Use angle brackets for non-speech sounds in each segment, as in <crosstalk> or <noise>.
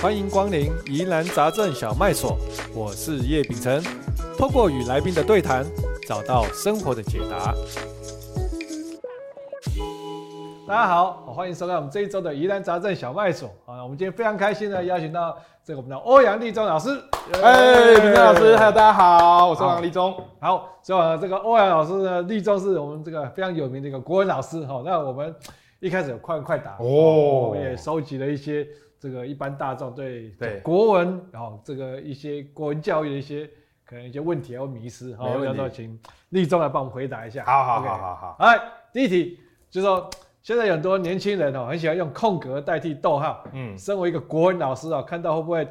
歡迎光臨疑難雜症小賣所，我是葉丙成，透過與來賓的對談，找到生活的解答。大家好，歡迎收看我們這一周的疑難雜症小賣所。啊，我們今天非常開心的邀請到這個我們的歐陽立中老師。哎 Yeah,、欸，丙成老師，哎、大家好，好，我是歐陽立中。好，所以這個歐陽老師呢，立中是我們這個非常有名的一個國文老師。哈，那我們一開始有快問快答哦，我們也收集了一些。這個一般大眾對對國文對哦，這個一些國文教育的一些可能一些問題要迷失啊，哦、要不請立中來幫我們回答一下。好好好, okay 好好好好，哎，第一題就是說，現在很多年輕人哦，很喜歡用空格代替逗號，嗯，身為一個國文老師啊、哦，看到會不會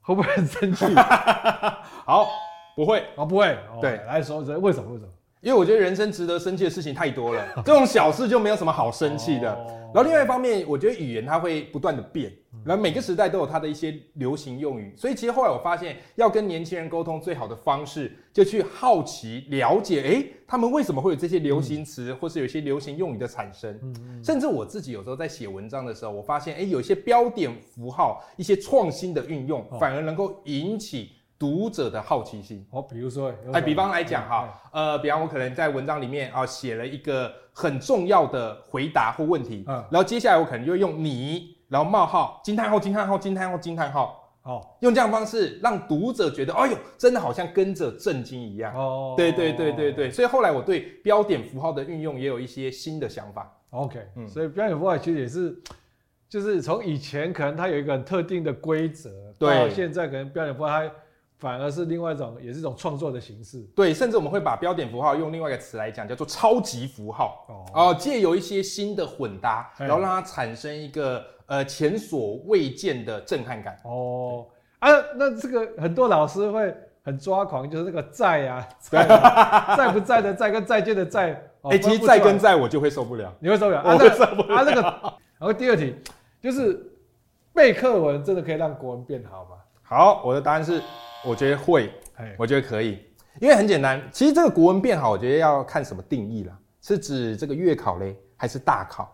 會不會很生氣？哈哈哈，好，不會啊、哦，不會。對，哦、來說，說說為什麼？為什麼？因為我覺得人生值得生氣的事情太多了，這種小事就沒有什麼好生氣的。然後另外一方面，我覺得語言它會不斷地變，然後每個時代都有它的一些流行用語。所以其實後來我發現，要跟年輕人溝通最好的方式，就去好奇了解，欸，他們為什麼會有這些流行詞，或是有一些流行用語的產生。甚至我自己有時候在寫文章的時候，我發現，欸，有一些標點符號、一些創新的運用，反而能夠引起。讀者的好奇心哦，比如說，如說哎，比方來講哈，呃，比方我可能在文章裡面啊寫、呃、了一個很重要的回答或問題，嗯，然後接下來我可能就用你，然後冒號，驚嘆號，驚嘆號，驚嘆號，驚嘆號，哦，用這樣的方式讓讀者覺得，哎呦，真的好像跟着震驚一樣，哦，對對對對對，所以後來我對標點符號的運用也有一些新的想法。OK，嗯，okay, 所以標點符號其實也是，就是從以前可能它有一個很特定的規則，對，到現在可能標點符號它。反而是另外一種，也是一種創作的形式。對，甚至我們會把標點符號用另外一個詞來講，叫做超級符號。哦，借、哦、由一些新的混搭，嗯、然後讓它產生一個呃前所未見的震撼感。哦，啊，那這個很多老師會很抓狂，就是那個在啊，在，啊對在不在的在跟再見的再。哎、哦、欸，其實在跟再我就會受不了。你會受不了？我會受不了。啊，那啊、那個，然後第二題就是背課文真的可以讓國文變好嗎？好，我的答案是。我覺得會，我覺得可以，因為很簡單。其實這個國文變好，我覺得要看什麼定義啦，是指這個月考嘞，還是大考？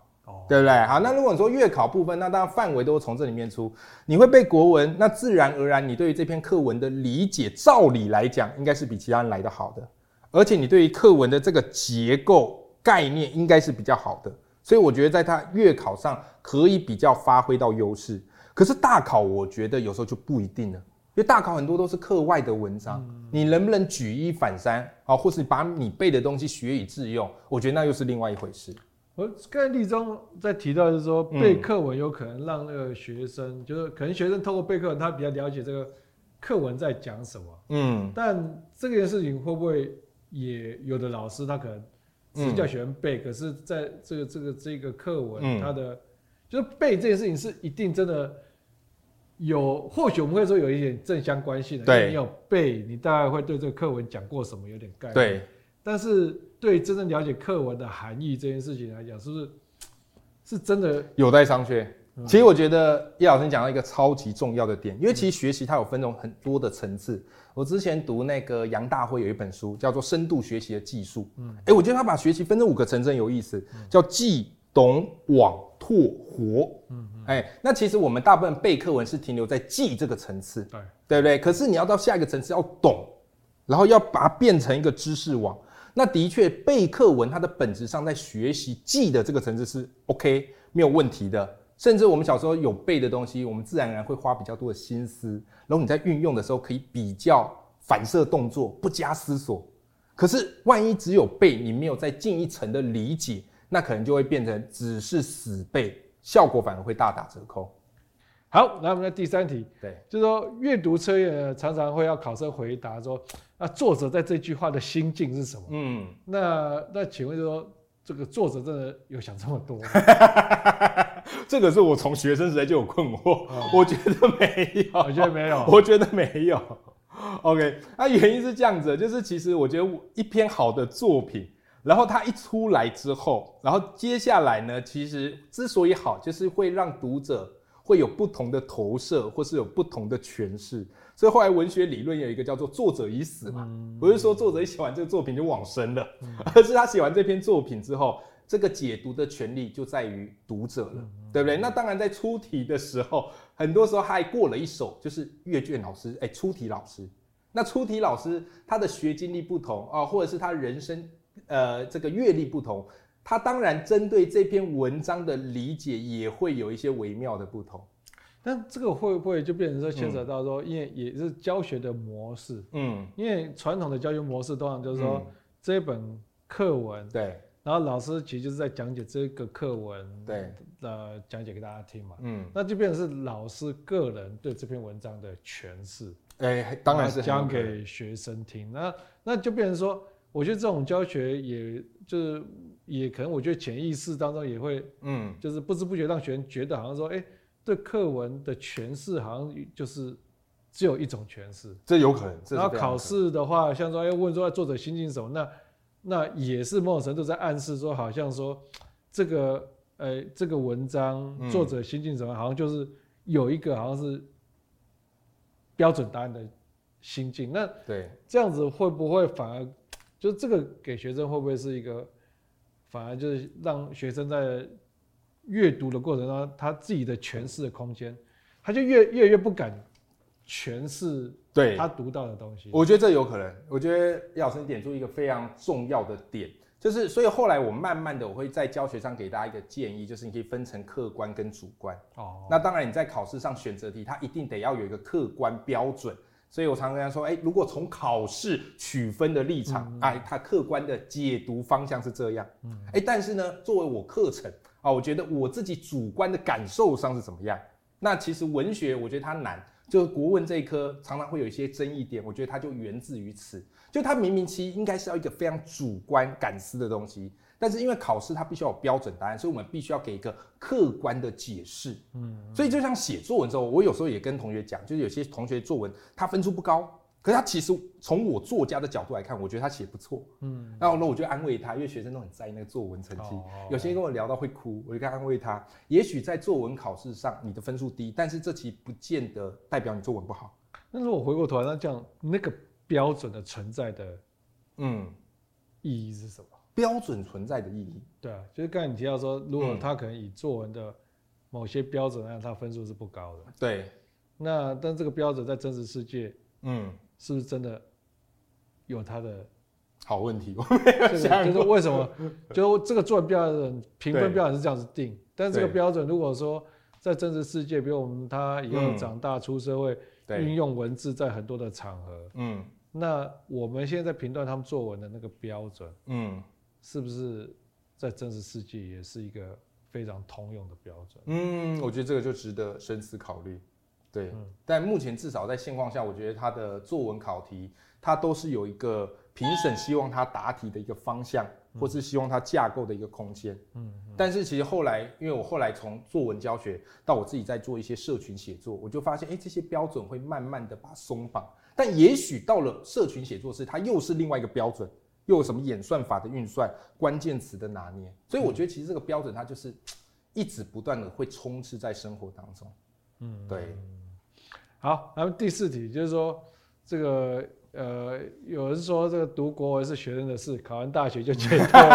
對不對？好，那如果你說月考部分，那當然範圍都會從這裡面出。你會背國文，那自然而然你對於這篇課文的理解，照理來講，應該是比其他人來得好的。而且你對於課文的這個結構概念，應該是比較好的。所以我覺得在它月考上可以比較發揮到優勢。可是大考，我覺得有時候就不一定了。因為大考很多都是課外的文章，你能不能舉一反三啊，或是把你背的東西學以致用？我覺得那又是另外一回事。我剛才立中在提到就是說，背課文有可能讓那個學生，嗯、就是可能學生透過背課文，他比較了解這個課文在講什麼。嗯，但這件事情會不會也有的老師他可能比較喜歡背，嗯、可是在這個這個這個課文，他的、嗯、就是背這件事情是一定真的。有，或許我們會說有一點正相關性的。你有背，你大概會對這個課文講過什麼有點概念。對，但是對真正了解課文的含義這件事情來講，是不是是真的有待商榷？其實我覺得葉老師講到一個超級重要的點，因為其實學習它有分很多的層次。我之前讀那個楊大輝有一本書叫做《深度學習的技術》，嗯，哎，我覺得他把學習分成五個層次有意思，叫記、懂、網。過活，嗯哼，哎、欸，那其實我們大部分背課文是停留在記這個層次，對，對不對？可是你要到下一個層次要懂，然後要把它變成一個知識網。那的確背課文它的本質上在學習記的這個層次是 OK，沒有問題的。甚至我們小時候有背的東西，我們自然而然會花比較多的心思，然後你在運用的時候可以比較反射動作，不加思索。可是萬一只有背，你沒有再進一層的理解。那可能就會變成只是死背，效果反而會大打折扣。好，那我們來第三題，對，就是說閱讀車驗常常會要考生回答說，那作者在這句話的心境是什麼？嗯，那那請問就是說，就說這個作者真的有想這麼多？ <laughs> 這個是我從學生時代就有困惑，我覺得沒有，我覺得沒有，我覺,沒有我覺得沒有。OK，那、啊、原因是這樣子，就是其實我覺得我一篇好的作品。然後他一出來之後，然後接下來呢，其實之所以好，就是會讓讀者會有不同的投射，或是有不同的詮釋。所以後來文學理論有一個叫做“作者已死”嘛，不是說作者一寫完這個作品就往生了，而是他寫完這篇作品之後，這個解讀的權利就在於讀者了，對不對？那當然在出題的時候，很多時候他還過了一手，就是閱卷老師，哎，出題老師。那出題老師他的學經歷不同啊，或者是他人生。呃，這個閱歷不同，他當然針對這篇文章的理解也會有一些微妙的不同。但這個會不會就變成說牽扯到說，因為也是教學的模式？嗯，因為傳統的教學模式通常就是說，這一本課文，對、嗯，然後老師其實就是在講解這個課文，對，呃，講解給大家聽嘛。嗯，那就變成是老師個人對這篇文章的詮釋。哎、欸，當然是講給學生聽。那那就變成說。我覺得這種教學也，也就是也可能，我覺得潛意識當中也會，嗯，就是不知不覺讓學生覺得好像說，哎、欸，對課文的詮釋好像就是只有一種詮釋。這有可能。然後考試的話，像說要、欸、問說作者心境什麼，那那也是某種程度在暗示說，好像說這個，呃、欸，這個文章、嗯、作者心境什麼，好像就是有一個好像是標準答案的心境。那對這樣子會不會反而？就是這個給學生會不會是一個，反而就是讓學生在閱讀的過程當中，他自己的詮釋的空間，他就越越越不敢詮釋對他讀到的東西。我覺得這有可能。我覺得葉老師點出一個非常重要的點，就是所以後來我慢慢的我會在教學上給大家一個建議，就是你可以分成客觀跟主觀。哦。那當然你在考試上選擇題，它一定得要有一個客觀標準。所以我常常跟他說，哎、欸，如果從考試取分的立場，哎、啊，它客觀的解讀方向是這樣，哎、欸，但是呢，作為我課程啊，我覺得我自己主觀的感受上是怎麼樣？那其實文學，我覺得它難，就是國文這一科常常會有一些爭議點，我覺得它就源自於此，就它明明其實應該是要一個非常主觀感知的東西。但是因為考試它必須要有標準答案，所以我們必須要給一個客觀的解釋。嗯，所以就像寫作文時候，我有時候也跟同學講，就是有些同學作文他分數不高，可是他其實從我作家的角度來看，我覺得他寫不錯。嗯，然後呢，我就安慰他，因為學生都很在意那個作文成績，哦、有些人跟我聊到會哭，我就跟他安慰他，也許在作文考試上你的分數低，但是這題不見得代表你作文不好。但是我回過頭來講，那個標準的存在的，嗯，意義是什麼？標準存在的意義，對啊，就是剛才你提到說，如果他可能以作文的某些標準來他分數是不高的。嗯、對，那但這個標準在真實世界，嗯，是不是真的有他的？好問題，我就是為什麼？就這個作文標準評分標準是這樣子定，但這個標準如果說在真實世界，比如我們他以後長大、嗯、出社會，對，運用文字在很多的場合，嗯，那我們現在在評斷他們作文的那個標準，嗯。是不是在真實世界也是一個非常通用的標準？嗯，我覺得這個就值得深思考慮。對，嗯、但目前至少在現況下，我覺得他的作文考題，他都是有一個評審希望他答題的一個方向，或是希望他架構的一個空間。嗯，但是其實後來，因為我後來從作文教學到我自己在做一些社群寫作，我就發現，哎、欸，這些標準會慢慢的把它鬆綁。但也許到了社群寫作時，它又是另外一個標準。又有什麼演算法的運算、關鍵詞的拿捏？所以我覺得其實這個標準它就是一直不斷的會充斥在生活當中。嗯，對。好，那麼第四題就是說這個呃，有人說這個讀國文是學生的事，考完大學就解脫了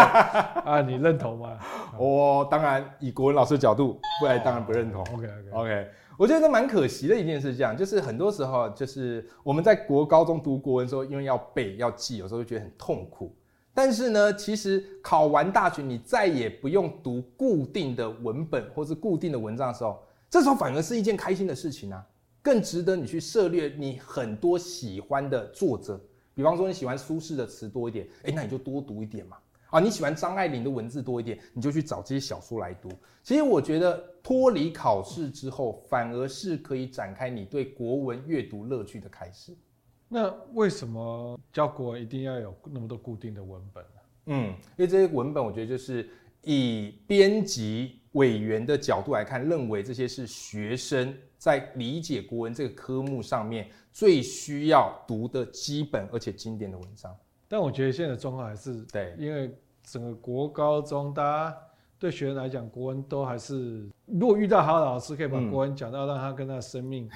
<laughs> 啊？你認同嗎？我、哦、當然以國文老師的角度，未來當然不認同。哦、OK OK OK。我覺得蠻可惜的一件事，這樣就是很多時候，就是我們在國高中讀國文的時候，因為要背要記，有時候會覺得很痛苦。但是呢，其實考完大學，你再也不用讀固定的文本或是固定的文章的時候，這時候反而是一件開心的事情啊！更值得你去涉獵你很多喜歡的作者，比方說你喜歡蘇軾的詞多一點，欸，誒那你就多讀一點嘛。啊，你喜歡張愛玲的文字多一點，你就去找這些小說來讀。其實我覺得脫離考試之後，反而是可以展開你對國文閱讀樂趣的開始。那為什麼教國文一定要有那麼多固定的文本呢？啊？嗯，因為這些文本，我覺得就是以編輯委員的角度來看，認為這些是學生在理解國文這個科目上面最需要讀的基本而且經典的文章。但我覺得現在的狀況還是對，因為。整個國高中，大家對學生來講，國文都還是，如果遇到好的老師，可以把國文講到讓他跟他的生命，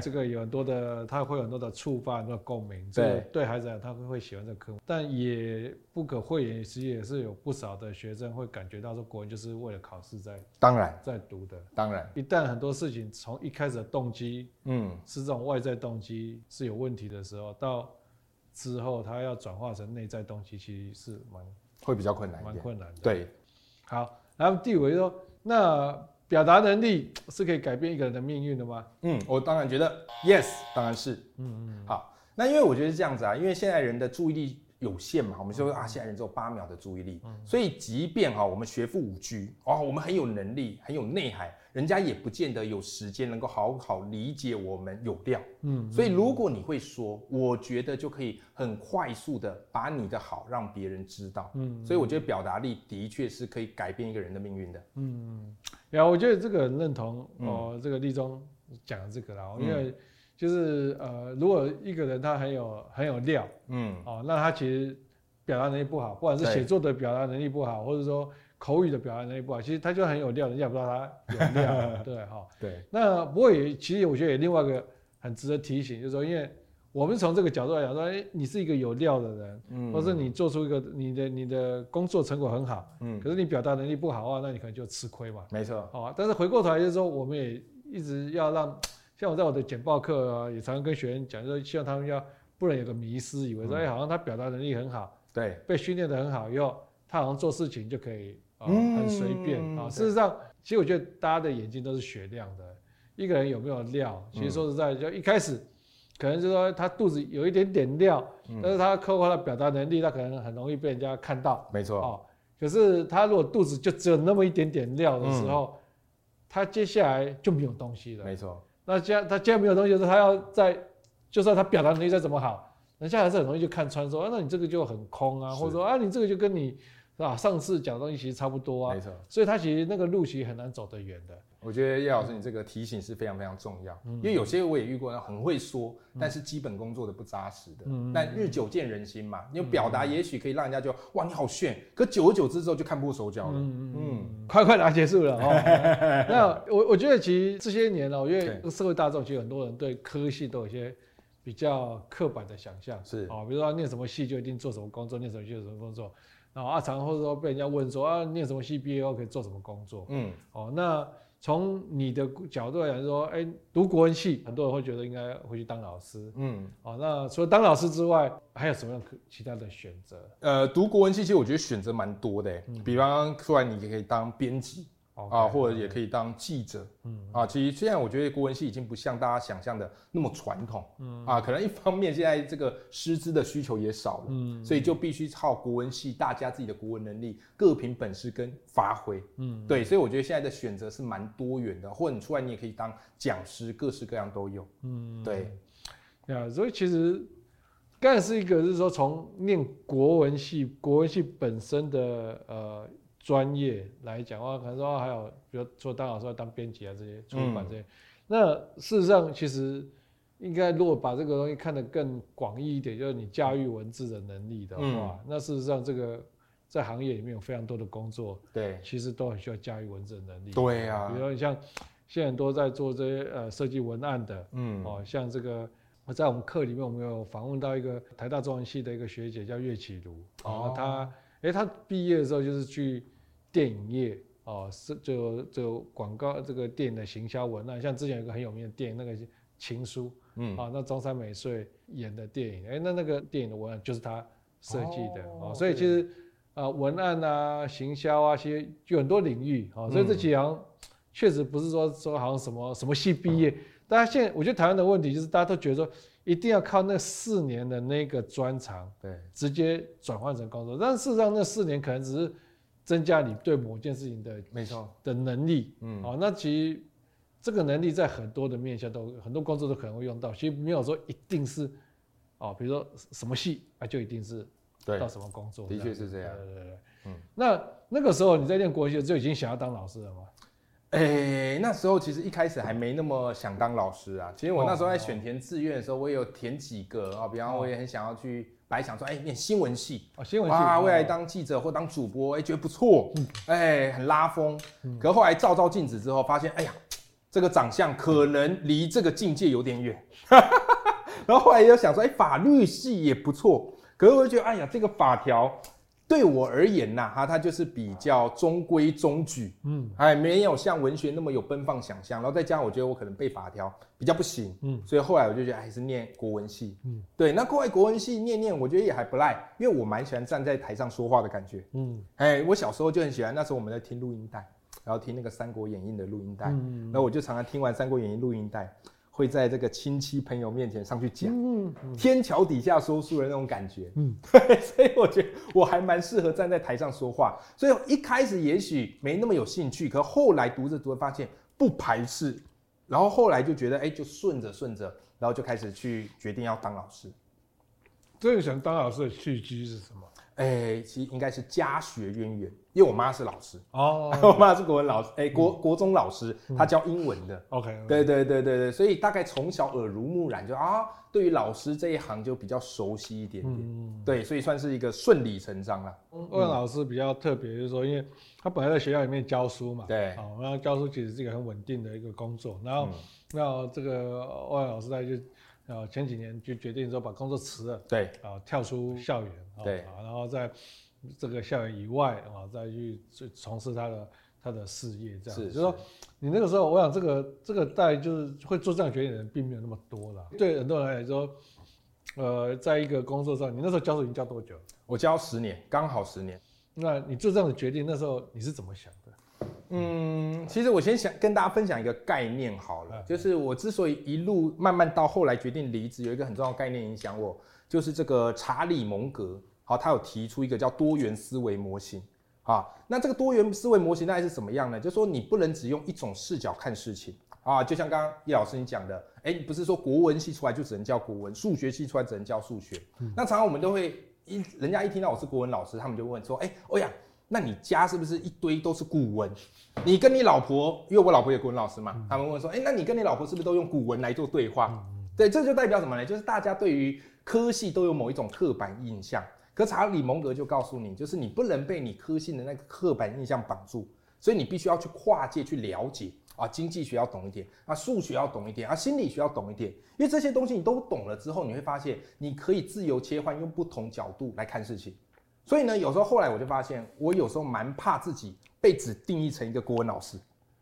這個有很多的，他會有很多的觸發，很多共鳴。對，對孩子來講，他會喜歡這個科目。但也不可諱言，其實也是有不少的學生會感覺到說，國文就是為了考試在，當然在讀的，當然。一旦很多事情從一開始的動機，嗯，是這種外在動機是有問題的時候，到之後他要轉化成內在動機，其實是蠻。會比較困難一點，蠻困難的。對，好，然後第五個就說，那表達能力是可以改變一個人的命運的嗎？嗯，我當然覺得，yes，當然是。嗯,嗯嗯，好，那因為我覺得是這樣子啊，因為現在人的注意力。有限嘛，我們說啊，現在人只有八秒的注意力，嗯,嗯，嗯、所以即便哈、喔，我們學富五車，啊，我們很有能力，很有內涵，人家也不見得有時間能夠好好理解我們有料，嗯,嗯，所以如果你會說，我覺得就可以很快速的把你的好讓別人知道，嗯,嗯，嗯、所以我覺得表達力的確是可以改變一個人的命運的，嗯,嗯,嗯，呀、yeah，我覺得這個很認同哦，這個立中講的這個啦，因為。就是呃，如果一個人他很有很有料，嗯，哦，那他其實表達能力不好，不管是寫作的表達能力不好，對或者說口語的表達能力不好，其實他就很有料，人家也不知道他有料，對哈。對。哦、對那不過也，其實我覺得也另外一個很值得提醒，就是說，因為我們從這個角度來講，說，哎，你是一個有料的人，嗯，或是你做出一個你的你的工作成果很好，嗯，可是你表達能力不好啊，那你可能就吃虧嘛。沒錯錯。好、哦，但是回過頭來就是說，我們也一直要讓。像我在我的簡報課啊，也常常跟學生講說，希望他們要不能有個迷思，以為說哎，嗯、好像他表達能力很好，對，被訓練得很好，以後他好像做事情就可以啊，呃嗯、很隨便啊。呃、對事實上，其實我覺得大家的眼睛都是雪亮的。一個人有沒有料，其實說實在，就一開始，可能就是說他肚子有一點點料，嗯、但是他刻畫的表達能力，他可能很容易被人家看到。沒錯錯啊、哦。可是他如果肚子就只有那麼一點點料的時候，嗯、他接下來就沒有東西了。沒錯。那既然他既然沒有東西，就是他要在，就算他表達能力再怎麼好，人家還是很容易就看穿說，啊，那你這個就很空啊，或者說啊，你這個就跟你。是吧？上次講的東西其實差不多啊，沒錯。所以他其實那個路其實很難走得遠的。我覺得葉老師，你這個提醒是非常非常重要，因為有些我也遇過很會說，但是基本工作的不扎實的。但日久見人心嘛，你表達也許可以讓人家就哇你好炫，可久而久之之後就看破手腳了。嗯嗯。快快拿結束了哦。那我我覺得其實這些年呢，因為社會大眾其實很多人對科系都有一些比較刻板的想象，是啊，比如說念什麼系就一定做什麼工作，念什麼就什麼工作。然後啊，常常或者說被人家問說啊，你有什麼 CBA 可以做什麼工作？嗯，哦，那從你的角度來講說，哎，讀國文系很多人會覺得應該回去當老師。嗯，哦，那除了當老師之外，還有什麼樣其他的選擇？呃，讀國文系其實我覺得選擇蠻多的、欸，嗯、比方說你也可以當編輯。Okay, 啊，或者也可以當記者，嗯，啊，其實現在我覺得國文系已經不像大家想象的那麼傳統，嗯，啊，可能一方面現在這個師資的需求也少了，嗯，嗯，所以就必須靠國文系大家自己的國文能力，各憑本事跟發揮，嗯，嗯，對，所以我覺得現在的選擇是蠻多元的，或者你出來你也可以當講師，各式各樣都有，嗯，對，啊，yeah, 所以其實剛才是一個是說從念國文系，國文系本身的呃。專業來講的話，可能說、哦、還有，比如說當老師、當編輯啊這些出版這些。嗯、那事實上，其實應該如果把這個東西看得更廣義一點，就是你駕馭文字的能力的話，嗯、那事實上這個在行業裡面有非常多的工作，對，其實都很需要駕馭文字的能力。對啊，比如說你像現在都在做這些呃設計文案的，嗯，哦，像這個我在我們課裡面，我們有訪問到一個台大中文系的一個學姐叫岳啟如，哦、然後她，哎、欸，她畢業的時候就是去。電影業哦，是就就廣告這個電影的行銷文案。像之前有一個很有名的電影，那個《情書》嗯，嗯、啊，那中山美穗演的電影，哎、欸，那那個電影的文案就是他設計的哦，哦。所以其實啊對、呃，文案啊，行銷啊，其實就很多領域啊、哦，所以這幾行確、嗯、實不是說說好像什麼什麼系畢業，大家、嗯、現在我覺得台灣的問題就是大家都覺得說一定要靠那四年的那個專長，對，直接轉換成工作，對但事實上那四年可能只是。增加你對某件事情的沒錯錯的能力，嗯，好、喔，那其實這個能力在很多的面下都很多工作都可能會用到。其實沒有說一定是，哦、喔，比如說什麼系啊，就一定是對到什麼工作。的確是這樣。對，對對對，嗯，那那個時候你在練國學就已經想要當老師了嗎？哎、欸，那時候其實一開始還沒那麼想當老師啊。其實我那時候在選填志願的時候，我有填幾個啊、喔，比方說我也很想要去。本來想說，哎、欸，念新聞系，哦、新聞系，啊未來當記者或當主播，哎、欸，覺得不錯，嗯、哎、欸，很拉風。嗯、可後來照照鏡子之後，發現，哎呀，這個長相可能離這個境界有點遠。哈哈哈哈，然後後來又想說，哎、欸，法律系也不錯。可是我覺得，哎呀，這個法條。對我而言吶、啊，哈，他就是比較中規中矩，嗯，哎，沒有像文學那麼有奔放想象，然後再加上我覺得我可能背法條比較不行，嗯，所以後來我就覺得還是念國文系，嗯，對，那後來國文系念念，我覺得也還不賴，因為我蠻喜歡站在台上說話的感覺，嗯，哎，我小時候就很喜歡，那時候我們在聽錄音帶，然後聽那個《三國演義》的錄音帶，嗯，然後我就常常聽完《三國演義》錄音帶。會在這個親戚朋友面前上去講，嗯，天橋底下說書的那種感覺，嗯，對，所以我覺得我還蠻適合站在台上說話。所以一開始也許沒那麼有興趣，可後來讀着讀着發現不排斥，然後後來就覺得哎、欸，就順着順着，然後就開始去決定要當老師、嗯。真正、欸嗯、想當老師的契機是什麼？哎、欸，其實應該是家學淵源，因為我媽是老師哦，哦哦 <laughs> 我媽是國文老師，哎、嗯欸，國國中老師，她、嗯、教英文的。嗯、OK，對、okay. 對對對對，所以大概從小耳濡目染，就啊，對於老師這一行就比較熟悉一點點，嗯、對，所以算是一個順理成章了。歐陽、嗯嗯、老師比較特別，就是說，因為他本來在學校裡面教書嘛，對，啊、喔，然後教書其實是一個很穩定的一個工作，然後，那、嗯、這個歐陽老師他就。啊，前幾年就決定說把工作辭了，對，啊，跳出校園，對、啊，然後在這個校園以外啊，再去去從事他的他的事業，這樣子是，是就說你那個時候，我想這個這個代，就是會做這樣的決定的人並沒有那麼多了，對很多人來說，呃，在一個工作上，你那時候教書已經教多久？我教十年，剛好十年。那你做這樣的決定那時候你是怎麼想的？嗯，其實我先想跟大家分享一個概念好了，就是我之所以一路慢慢到後來決定離職，有一個很重要的概念影響我，就是這個查理蒙格，好、哦，他有提出一個叫多元思維模型，啊，那這個多元思維模型大概是怎麼樣呢？就是說你不能只用一種視角看事情，啊，就像剛剛葉老師你講的，哎、欸，不是說國文系出來就只能教國文，數學系出來只能教數學，嗯、那常常我們都會一人家一聽到我是國文老師，他們就問說，哎、欸，歐陽。那你家是不是一堆都是古文？你跟你老婆，因為我老婆也有古文老師嘛，他們問說，哎、欸，那你跟你老婆是不是都用古文來做對話？嗯、對，這就代表什麼呢？就是大家對於科系都有某一種刻板印象。可查理蒙格就告訴你，就是你不能被你科系的那個刻板印象綁住，所以你必須要去跨界去了解，啊，經濟學要懂一點啊，數學要懂一點啊，心理學要懂一點，因為這些東西你都懂了之後，你會發現你可以自由切換，用不同角度來看事情。所以呢，有時候後來我就發現，我有時候蠻怕自己被只定義成一個國文老師，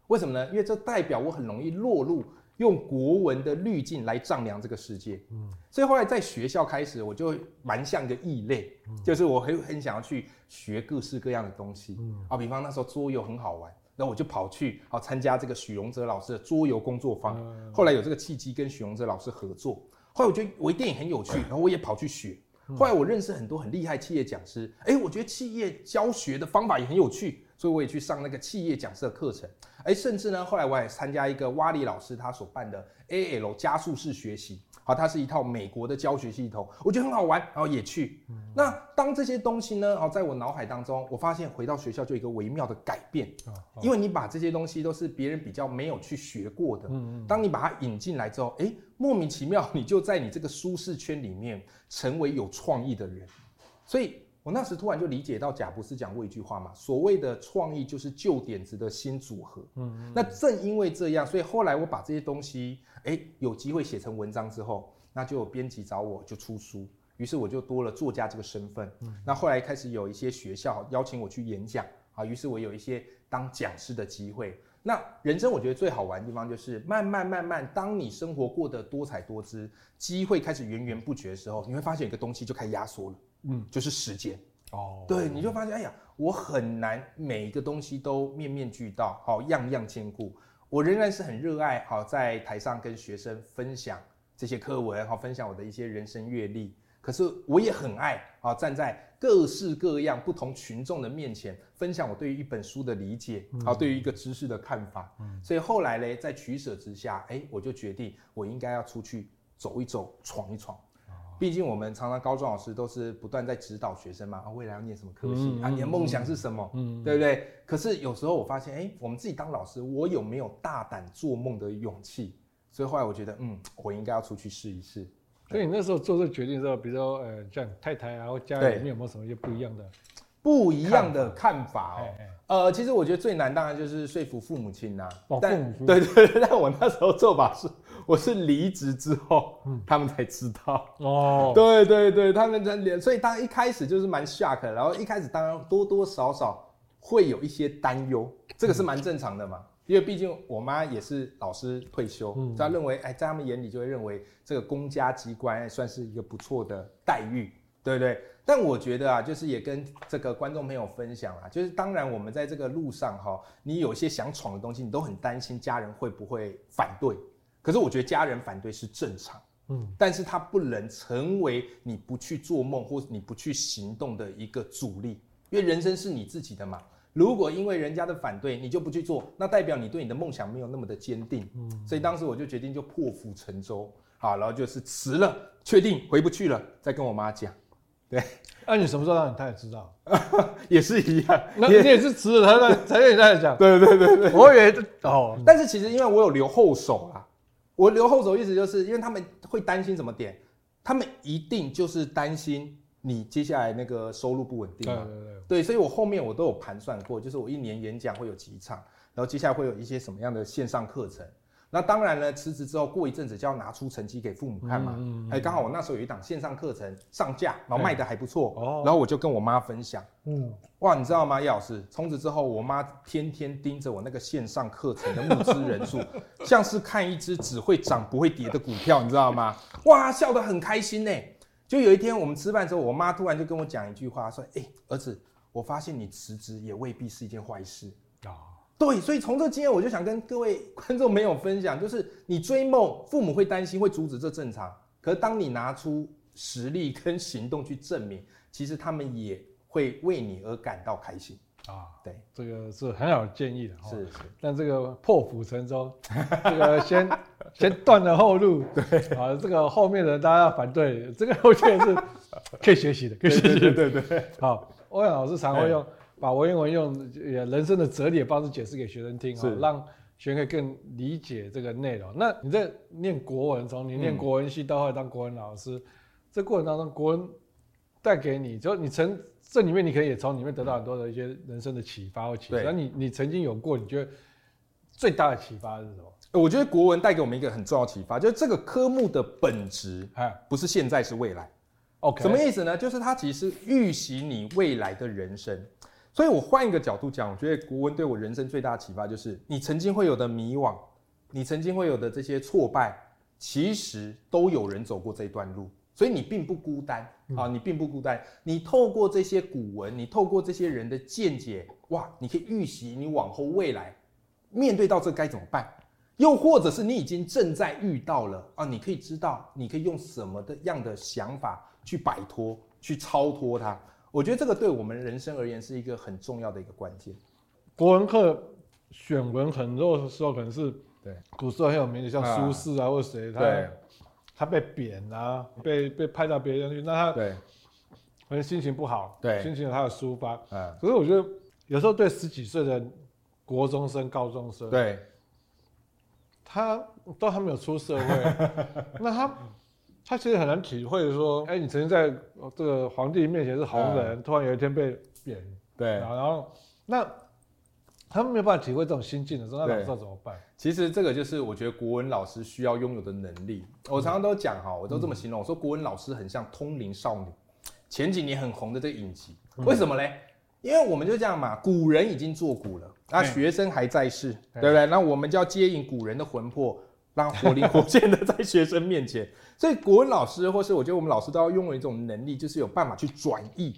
為什麼呢？因為這代表我很容易落入用國文的濾鏡來丈量這個世界。嗯，所以後來在學校開始，我就蠻像個異類，嗯、就是我很很想要去學各式各樣的東西。嗯，啊，比方那時候桌遊很好玩，然後我就跑去啊參加這個許榮哲老師的桌遊工作坊。嗯嗯嗯，後來有這個契機跟許榮哲老師合作，後來我覺得微電影很有趣，嗯、然後我也跑去學。後來我認識很多很厲害企業講師，哎、欸，我覺得企業教學的方法也很有趣。所以我也去上那個企業講師的課程，哎、欸，甚至呢，後來我也參加一個瓦里老師他所辦的 AL 加速式學習，好，它是一套美國的教學系統，我覺得很好玩，然後也去。嗯、那當這些東西呢，哦，在我腦海當中，我發現回到學校就有一個微妙的改變，啊、因為你把這些東西都是別人比較沒有去學過的，嗯嗯，當你把它引進來之後、欸，莫名其妙，你就在你這個舒適圈裡面成為有創意的人，所以。我那時突然就理解到，賈伯斯講過一句話嘛，所謂的創意就是舊點子的新組合。嗯，嗯，嗯，那正因為這樣，所以後來我把這些東西，哎、欸，有機會寫成文章之後，那就有編輯找我就出書，於是我就多了作家這個身份。嗯，那後來開始有一些學校邀請我去演講啊，於是我有一些當講師的機會。那人生我覺得最好玩的地方就是慢慢慢慢，當你生活過得多彩多姿，機會開始源源不絕的時候，你會發現一個東西就開始壓縮了。嗯，就是時間哦。對，哦、你就發現，哎呀，我很難每一個東西都面面俱到，好、喔，樣樣兼顧。我仍然是很熱愛，好、喔、在台上跟學生分享這些課文，好、喔，分享我的一些人生閱歷。可是我也很愛，好、喔、站在各式各樣不同群眾的面前，分享我對於一本書的理解，好、嗯，對於一個知識的看法。嗯、所以後來嘞，在取舍之下，哎、欸，我就決定，我應該要出去走一走，闖一闖。畢竟我們常常高中老師都是不斷在指導學生嘛，啊，未來要念什麼科系啊，你的夢想是什麼，嗯，嗯，嗯嗯嗯嗯、對不對，對？可是有時候我發現，哎，我們自己當老師，我有沒有大膽做夢的勇氣？所以後來我覺得，嗯，我應該要出去試一試。所以你那時候做這個決定的時候，比如說，呃，像太太啊，或家裡面有沒有什麼一些不一樣的、不一樣的看法、喔、呃，其實我覺得最難，當然就是說服父母親吶。但父母對對，對，但我那時候做法是。我是離職之後，他們才知道哦。對對對，他們在連，所以當一開始就是蠻 shock，然後一開始當然多多少少會有一些擔憂，這個是蠻正常的嘛。因為畢竟我媽也是老師退休，她認為、哎、在他們眼裡就會認為這個公家機關算是一個不錯的待遇，對不對？但我覺得啊，就是也跟這個觀眾朋友分享啊，就是當然我們在這個路上哈，你有一些想闖的東西，你都很擔心家人會不會反對。可是我覺得家人反對是正常，嗯，但是他不能成為你不去做夢或是你不去行動的一個阻力，因為人生是你自己的嘛。如果因為人家的反對，你就不去做，那代表你對你的夢想沒有那麼的堅定，嗯。所以當時我就決定就破釜沉舟，好，然後就是辭了，確定回不去了，再跟我媽講，對。那、啊、你什麼時候讓你太太知道？ <laughs> 也是一樣，那你也是辭了，他才也才跟你這樣講？對，對對對對，我以為這哦，但是其實因為我有留後手啊。我留後手，意思就是因為他們會擔心什麼點，他們一定就是擔心你接下來那個收入不穩定嘛。對對，對，所以我後面我都有盤算過，就是我一年演講會有幾場，然後接下來會有一些什麼樣的線上課程。那當然了，辭職之後過一陣子就要拿出成績給父母看嘛。哎、嗯嗯嗯，欸、剛好我那時候有一檔線上課程上架，然後賣得還不錯、欸。哦，然後我就跟我媽分享。嗯，哇，你知道嗎，葉老師？從此之後，我媽天天盯着我那個線上課程的募資人數， <laughs> 像是看一隻只會漲不會跌的股票，你知道嗎？哇，笑得很開心呢。就有一天我們吃飯之後，我媽突然就跟我講一句話，說：“哎、欸，兒子，我發現你辭職也未必是一件壞事。哦”啊。對，所以從這個經驗，我就想跟各位觀眾朋友分享，就是你追夢，父母會擔心，會阻止，這正常。可是當你拿出實力跟行動去證明，其實他們也會為你而感到開心啊。對啊，這個是很好建議的哈。是是。但這個破釜沉舟，這個先 <laughs> 先斷了後路， <laughs> 對啊，這個後面的大家要反對，這個後面是，可以學習的。可以學習的對對，對，對對。好，歐陽老師常會用。欸把文言文用人生的哲理的方式解釋給學生聽，是讓學生可以更理解這個內容。那你在念國文，從你念國文系到後來當國文老師，嗯、這過程當中，國文帶給你，就你曾，這裡面，你可以也從裡面得到很多的一些人生的啟發或啟發。對那你你曾經有過，你覺得最大的啟發是什麼？我覺得國文帶給我們一個很重要啟發，就是這個科目的本質，不是現在是未來。OK，嘿什麼意思呢？就是它其實預習你未來的人生。所以我換一個角度講，我覺得古文對我人生最大的啟發就是，你曾經會有的迷惘，你曾經會有的這些挫敗，其實都有人走過這一段路，所以你並不孤單、嗯、啊，你並不孤單。你透過這些古文，你透過這些人的見解，哇，你可以預習你往後未來面對到這該怎麼辦，又或者是你已經正在遇到了啊，你可以知道，你可以用什麼的樣的想法去擺脫，去超脫它。我覺得這個對我們人生而言是一個很重要的一個關鍵。國文課選文很多時候可能是對古時候很有名的，像蘇軾啊，或者誰，他他被貶啊，被被派到別人去，那他可能心情不好，心情有他的抒發。啊，可是我覺得有時候對十幾歲的國中生、高中生，對，他都還沒有出社會，那他。他其實很難體會說，哎，你曾經在這個皇帝面前是紅人，突然有一天被貶，對，然後那他們沒有辦法體會這種心境的時候，那老師要怎麼辦？其實這個就是我覺得國文老師需要擁有的能力。我常常都講哈，我都這麼形容，我說國文老師很像通靈少女。前幾年很紅的這個影集，為什麼嘞？因為我們就這樣嘛，古人已經作古了，那學生還在世，對不對？那我們就要接引古人的魂魄，讓活靈活現的在學生面前，所以國文老師或是我覺得我們老師都要擁有一種能力，就是有辦法去轉譯，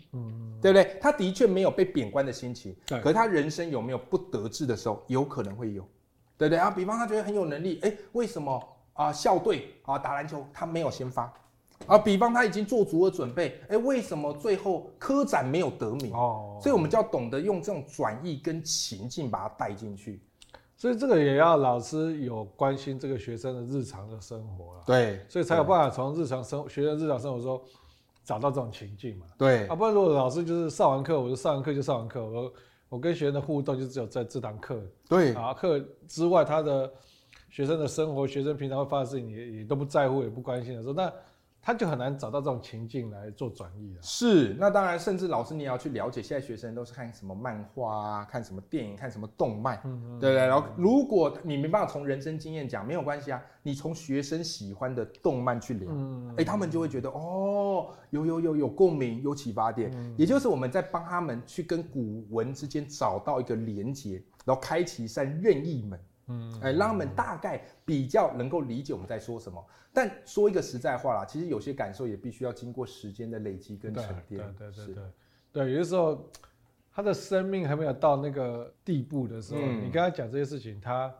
對不對？他的確沒有被貶官的心情，可是他人生有沒有不得志的時候，有可能會有、嗯對對，對不對？啊，比方他覺得很有能力，哎，為什麼啊？校隊啊，打籃球他沒有先發，啊，比方他已經做足了準備，哎，為什麼最後科展沒有得名？哦，所以我們就要懂得用這種轉譯跟情境把他帶進去。所以這個也要老師有關心這個學生的日常的生活，對，所以才有辦法從日常生活學生日常生活中找到這種情境嘛，對，啊，不然如果老師就是上完課，我就上完課就上完課，我我跟學生的互動就只有在這堂課，對，啊，課之外他的學生的生活，學生平常會發生事情你也都不在乎，也不關心的時候，那。他就很難找到這種情境來做轉移了。是，那當然，甚至老師你也要去了解，現在學生都是看什麼漫畫、啊，看什麼電影，看什麼動漫，對不、嗯嗯嗯嗯、對？然後如果你沒辦法從人生經驗講，沒有關係啊，你從學生喜歡的動漫去聊，哎、嗯嗯嗯欸，他們就會覺得哦、喔，有有有有，有共鳴，有啟發點。嗯嗯嗯嗯，也就是我們在幫他們去跟古文之間找到一個連接，然後開啟一扇任意門。嗯，哎，讓他們大概比較能夠理解我們在說什麼。但說一個實在話啦，其實有些感受也必須要經過時間的累積跟沉澱。對，對對對是對，有的時候他的生命還沒有到那個地步的時候，嗯、你跟他講這些事情，他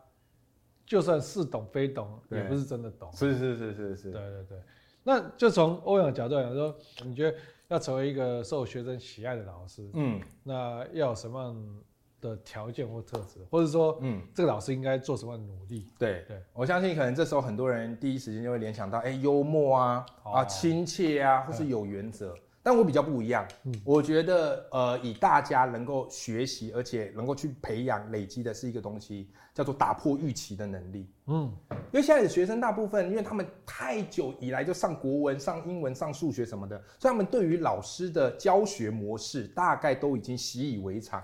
就算似懂非懂，對也不是真的懂。是是是是是，對對對。那就從歐陽的角度來講說，你覺得要成為一個受學生喜愛的老師，嗯，那要有什麼？的條件或特質，或者說，嗯，這個老師應該做什麼的努力？對、嗯、對，對我相信可能這時候很多人第一時間就會聯想到，哎、欸，幽默啊，啊，親、啊、切啊，對或是有原則。但我比較不一樣，嗯、我覺得，呃，以大家能夠學習而且能夠去培養累積的是一個東西，叫做打破預期的能力。嗯，因為現在的學生大部分，因為他們太久以來就上國文、上英文、上數學什麼的，所以他們對於老師的教學模式大概都已經習以為常。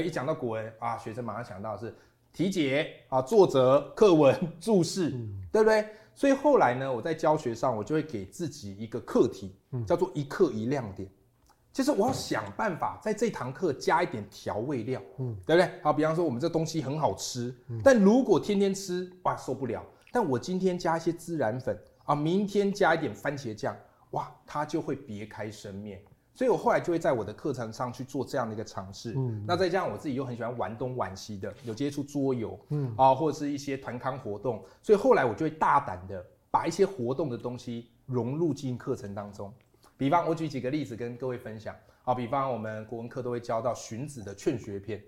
一講到古文啊，學生馬上想到的是題解啊、作者、課文、註釋，嗯、對不對？所以後來呢，我在教學上，我就會給自己一個課題，嗯、叫做一課一亮點，就是我要想辦法在這堂課加一點調味料，嗯，對不對？好，比方說我們這東西很好吃，嗯、但如果天天吃，哇，受不了。但我今天加一些孜然粉啊，明天加一點番茄醬，哇，它就會別開生面。所以，我後來就會在我的課程上去做這樣的一個嘗試。嗯、那再加上我自己又很喜歡玩東玩西的，有接觸桌遊，嗯、啊，或者是一些團康活動。所以後來我就會大膽的把一些活動的東西融入進課程當中。比方，我舉幾個例子跟各位分享。啊，比方我們國文課都會教到荀子的《勸學篇》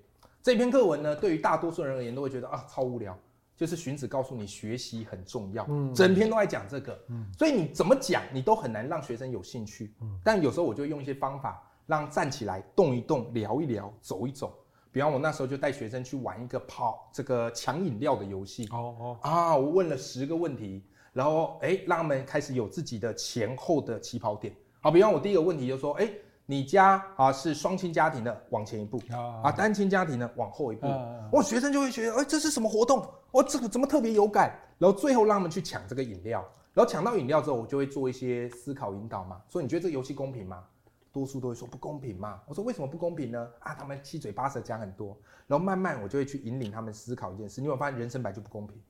這篇課文呢，對於大多數人而言都會覺得啊，超無聊。就是荀子告訴你學習很重要，嗯，整篇都在講這個，嗯，所以你怎麼講你都很難讓學生有興趣，嗯，但有時候我就用一些方法讓站起來動一動、聊一聊、走一走。比方我那時候就帶學生去玩一個跑這個搶飲料的遊戲，哦，哦哦，啊，我問了十個問題，然後哎、欸、讓他們開始有自己的前後的起跑點。好，比方我第一個問題就說：哎、欸，你家啊是雙親家庭的往前一步哦哦啊，單親家庭的往後一步，我、哦哦、學生就會覺得哎、欸、這是什麼活動？我這個怎麼特別有感？然後最後讓他們去搶這個飲料，然後搶到飲料之後，我就會做一些思考引導嘛。所以你覺得這個遊戲公平嗎？多數都會說不公平嘛。我說為什麼不公平呢？啊，他們七嘴八舌講很多，然後慢慢我就會去引領他們思考一件事。你有沒有發現人生本來就不公平，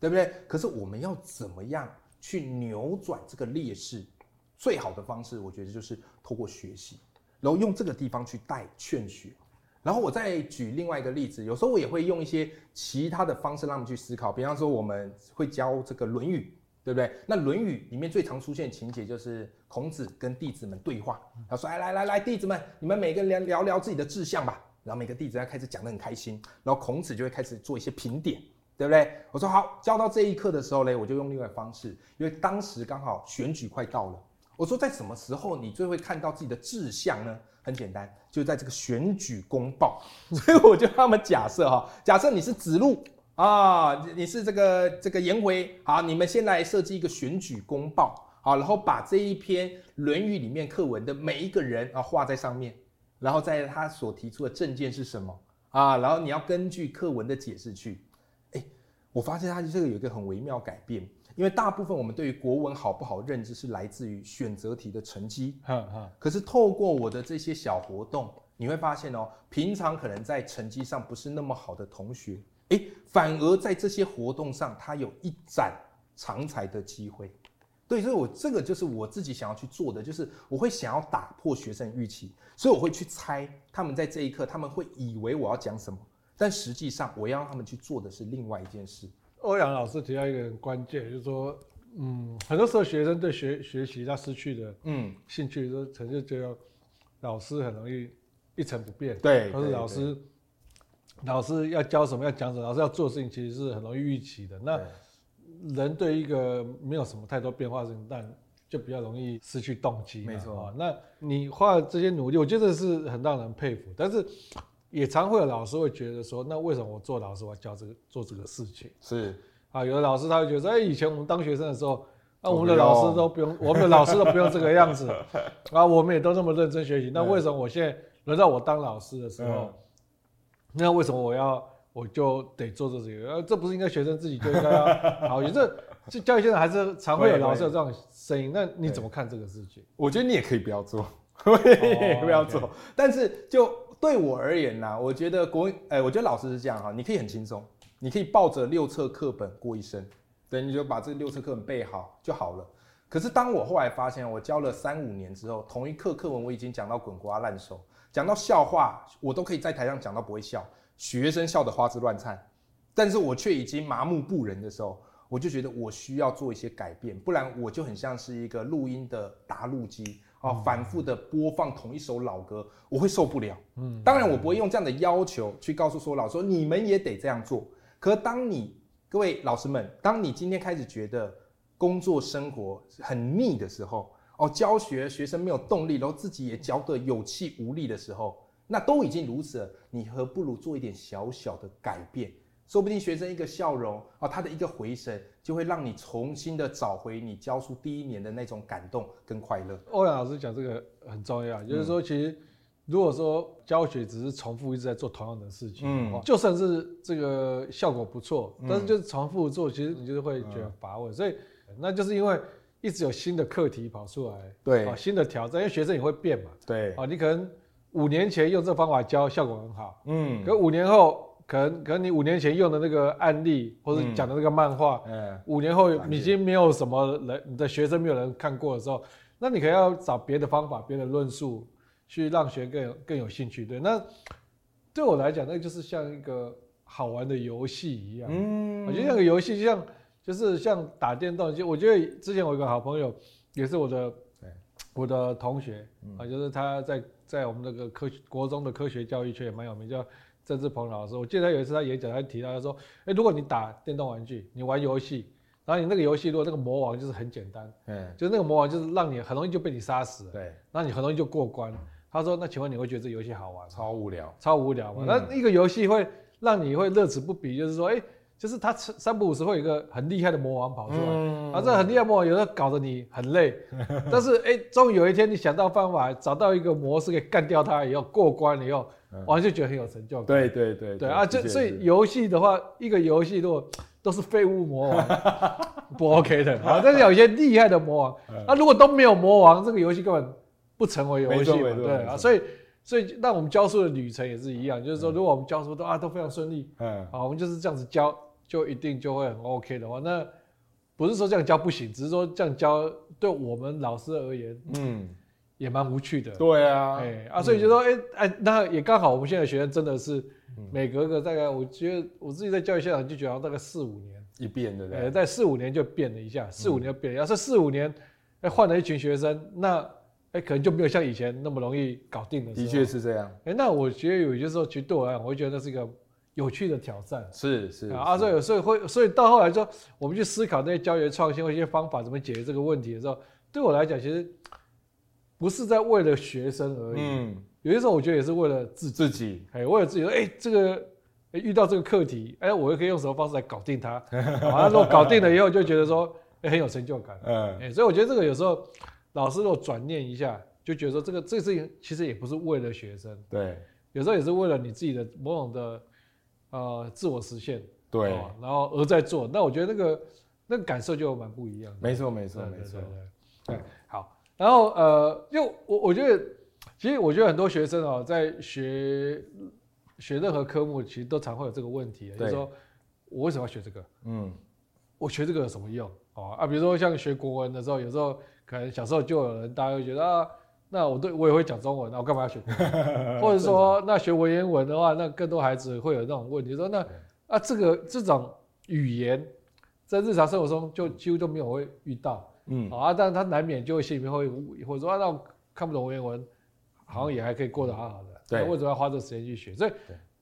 對不對？可是我們要怎麼樣去扭轉這個劣勢？最好的方式，我覺得就是透過學習，然後用這個地方去帶勸學。然後我再舉另外一個例子，有時候我也會用一些其他的方式讓他們去思考。比方說，我們會教這個《論語》，對不對？那《論語》裡面最常出現的情節就是孔子跟弟子們對話，他說：“哎，來來來，弟子們，你們每個人聊聊，聊自己的志向吧。”然後每個弟子要開始講得很開心，然後孔子就會開始做一些評點，對不對？我說好，教到這一刻的時候呢，我就用另外一個方式，因為當時剛好選舉快到了。我說，在什麼時候你最會看到自己的志向呢？很簡單，就在這個選舉公報。所以我就讓他們假設哈，假設你是子路啊，你是這個這個顏回，好，你們先來設計一個選舉公報，好，然後把這一篇《論語》裡面課文的每一個人啊畫在上面，然後在他所提出的政見是什麼啊，然後你要根據課文的解釋去，哎，我發現他這個有一個很微妙改變。因為大部分我們對於國文好不好認知是來自於選擇題的成績，可是透過我的這些小活動，你會發現哦，平常可能在成績上不是那麼好的同學，哎，反而在這些活動上，他有一展長才的機會。對，所以我這個就是我自己想要去做的，就是我會想要打破學生預期，所以我會去猜他們在這一刻他們會以為我要講什麼，但實際上我要讓他們去做的是另外一件事。歐陽老師提到一個很關鍵，就是說，嗯，很多時候學生對學學習他失去的，嗯，興趣，說曾、嗯、就覺得老師很容易一成不變，對，可是老師對對對老師要教什麼要講什麼，老師要做的事情，其實是很容易預期的。那對人對一個沒有什麼太多變化的事情，但就比較容易失去動機。沒錯，那你花這些努力，我覺得是很讓人佩服，但是。也常會有老師會覺得說，那為什麼我做老師我要教這個做這個事情？是啊，有的老師他會覺得說，哎、欸，以前我們當學生的時候，那、啊、我們的老師都不用，我，不用我們的老師都不用這個樣子 <laughs> 啊，我們也都這麼認真學習。那為什麼我現在輪到我當老師的時候，嗯、那為什麼我要我就得做這個？呃、嗯啊，這不是應該學生自己就應該要？ <laughs> 好，有這教育界生還是常會有老師有這種聲音。那你怎麼看這個事情？我覺得你也可以不要做， <laughs> 不要做，哦，okay、但是就。對我而言呢、啊，我覺得國，誒、欸，我覺得老師是這樣哈、啊，你可以很輕鬆，你可以抱着六冊課本過一生，對，你就把這六冊課本背好就好了。可是當我後來發現，我教了三五年之後，同一課課文我已經講到滾瓜爛熟，講到笑話我都可以在台上講到不會笑，學生笑得花枝亂顫，但是我卻已經麻木不仁的時候，我就覺得我需要做一些改變，不然我就很像是一個錄音的答錄機。啊、哦，反復的播放同一首老歌，我會受不了。嗯，當然我不會用這樣的要求去告訴說老師說你們也得這樣做。可當你各位老師們，當你今天開始覺得工作生活很膩的時候，哦，教學學生沒有動力，然後自己也教得有氣無力的時候，那都已經如此了，你何不如做一點小小的改變。說不定學生一個笑容啊，他的一個回神，就會讓你重新的找回你教書第一年的那種感動跟快樂。歐陽老師講這個很重要，就是說，其實如果說教學只是重複一直在做同樣的事情的話、嗯、就算是這個效果不錯，嗯、但是就是重複做，其實你就是會覺得乏味。所以那就是因為一直有新的課題跑出來，對啊，新的挑戰，因為學生也會變嘛，對啊，你可能五年前用這方法教效果很好，嗯，可五年後。可能可能你五年前用的那個案例或者講的那個漫畫，嗯欸、五年後難怪你已經沒有什麼人，你的學生沒有人看過的時候，那你可以要找別的方法，別的論述去讓學更有更有興趣。對，那對我來講，那個就是像一個好玩的遊戲一樣。嗯，我覺得那個遊戲就像就是像打電動。就我覺得之前我有個好朋友，也是我的對我的同學啊，嗯、就是他在。在我們那個科學國中的科學教育圈也蠻有名，叫鄭志鵬老師。我記得有一次他演講，他提到他說、欸：“如果你打電動玩具，你玩遊戲，然後你那個遊戲如果那個魔王就是很簡單，嗯、就是那個魔王就是讓你很容易就被你殺死，對、嗯，然後你很容易就過關。嗯”他說：“那請問你會覺得這遊戲好玩？超無聊，超無聊嘛。嗯、那一個遊戲會讓你會樂此不疲，就是說，哎、欸。”就是他三三不五時會有一個很厲害的魔王跑出來，啊，這很厲害魔王有時候搞得你很累，但是哎，終於有一天你想到方法，找到一個模式可以幹掉他，以後過關，以後，我就覺得很有成就感。對對對對啊，這所以遊戲的話，一個遊戲如果都是廢物魔王，不 OK 的，啊，但是有一些厲害的魔王，那如果都沒有魔王，這個遊戲根本不成為遊戲，對啊，所以。所以那我們教書的旅程也是一樣，就是說，如果我們教書都、嗯、啊都非常順利，嗯，好，我們就是這樣子教，就一定就會很 OK 的話，那不是說這樣教不行，只是說這樣教對我們老師而言，嗯，也蠻無趣的。嗯、對啊，哎、欸、啊，所以就說，哎哎、嗯欸，那也剛好，我們現在的學生真的是每隔一個大概，我覺得我自己在教育現場就覺得大概四五年，一變對不對？在四五年就變了一下，四五年就變了一下，要是四五年，換、欸、了一群學生，那。哎、欸，可能就沒有像以前那麼容易搞定的時候。的確是這樣。哎、欸，那我覺得有些時候，其實對我來講，我會覺得這是一個有趣的挑戰。是是啊，所以是所以會，所以到後來說，我們去思考那些教學創新或一些方法怎麼解決這個問題的時候，對我來講，其實不是在為了學生而已。嗯。有些時候，我覺得也是為了自己自己。哎、欸，為了自己說，哎、欸，這個、欸、遇到這個課題，哎、欸，我又可以用什麼方式來搞定它？完了之後搞定了以後，就覺得說、欸、很有成就感、啊。嗯。哎、欸，所以我覺得這個有時候。老師又轉念一下，就覺得說，這個這事情其實也不是為了學生，對，有時候也是為了你自己的某種的，呃，自我實現，對、喔，然後而在做。那我覺得那個那個感受就蠻不一樣。沒錯，沒錯，沒錯。嗯、對，好。然後呃，就我我覺得，其實我覺得很多學生啊、喔，在學學任何科目，其實都常會有這個問題。對就是說我為什麼要學這個？嗯，我學這個有什麼用？哦、喔、啊，比如說像學國文的時候，有時候。可能小時候就有人，大家會覺得啊，那我對，我也會講中文啊，我幹嘛要學？或者說，那學文言文的話，那更多孩子會有那種問題，說那啊這個這種語言在日常生活中就幾乎都沒有會遇到，嗯，好啊，但是他難免就會心裡面會會說啊，那看不懂文言文，好像也還可以過得好好的，對，為什麼要花這時間去學？所以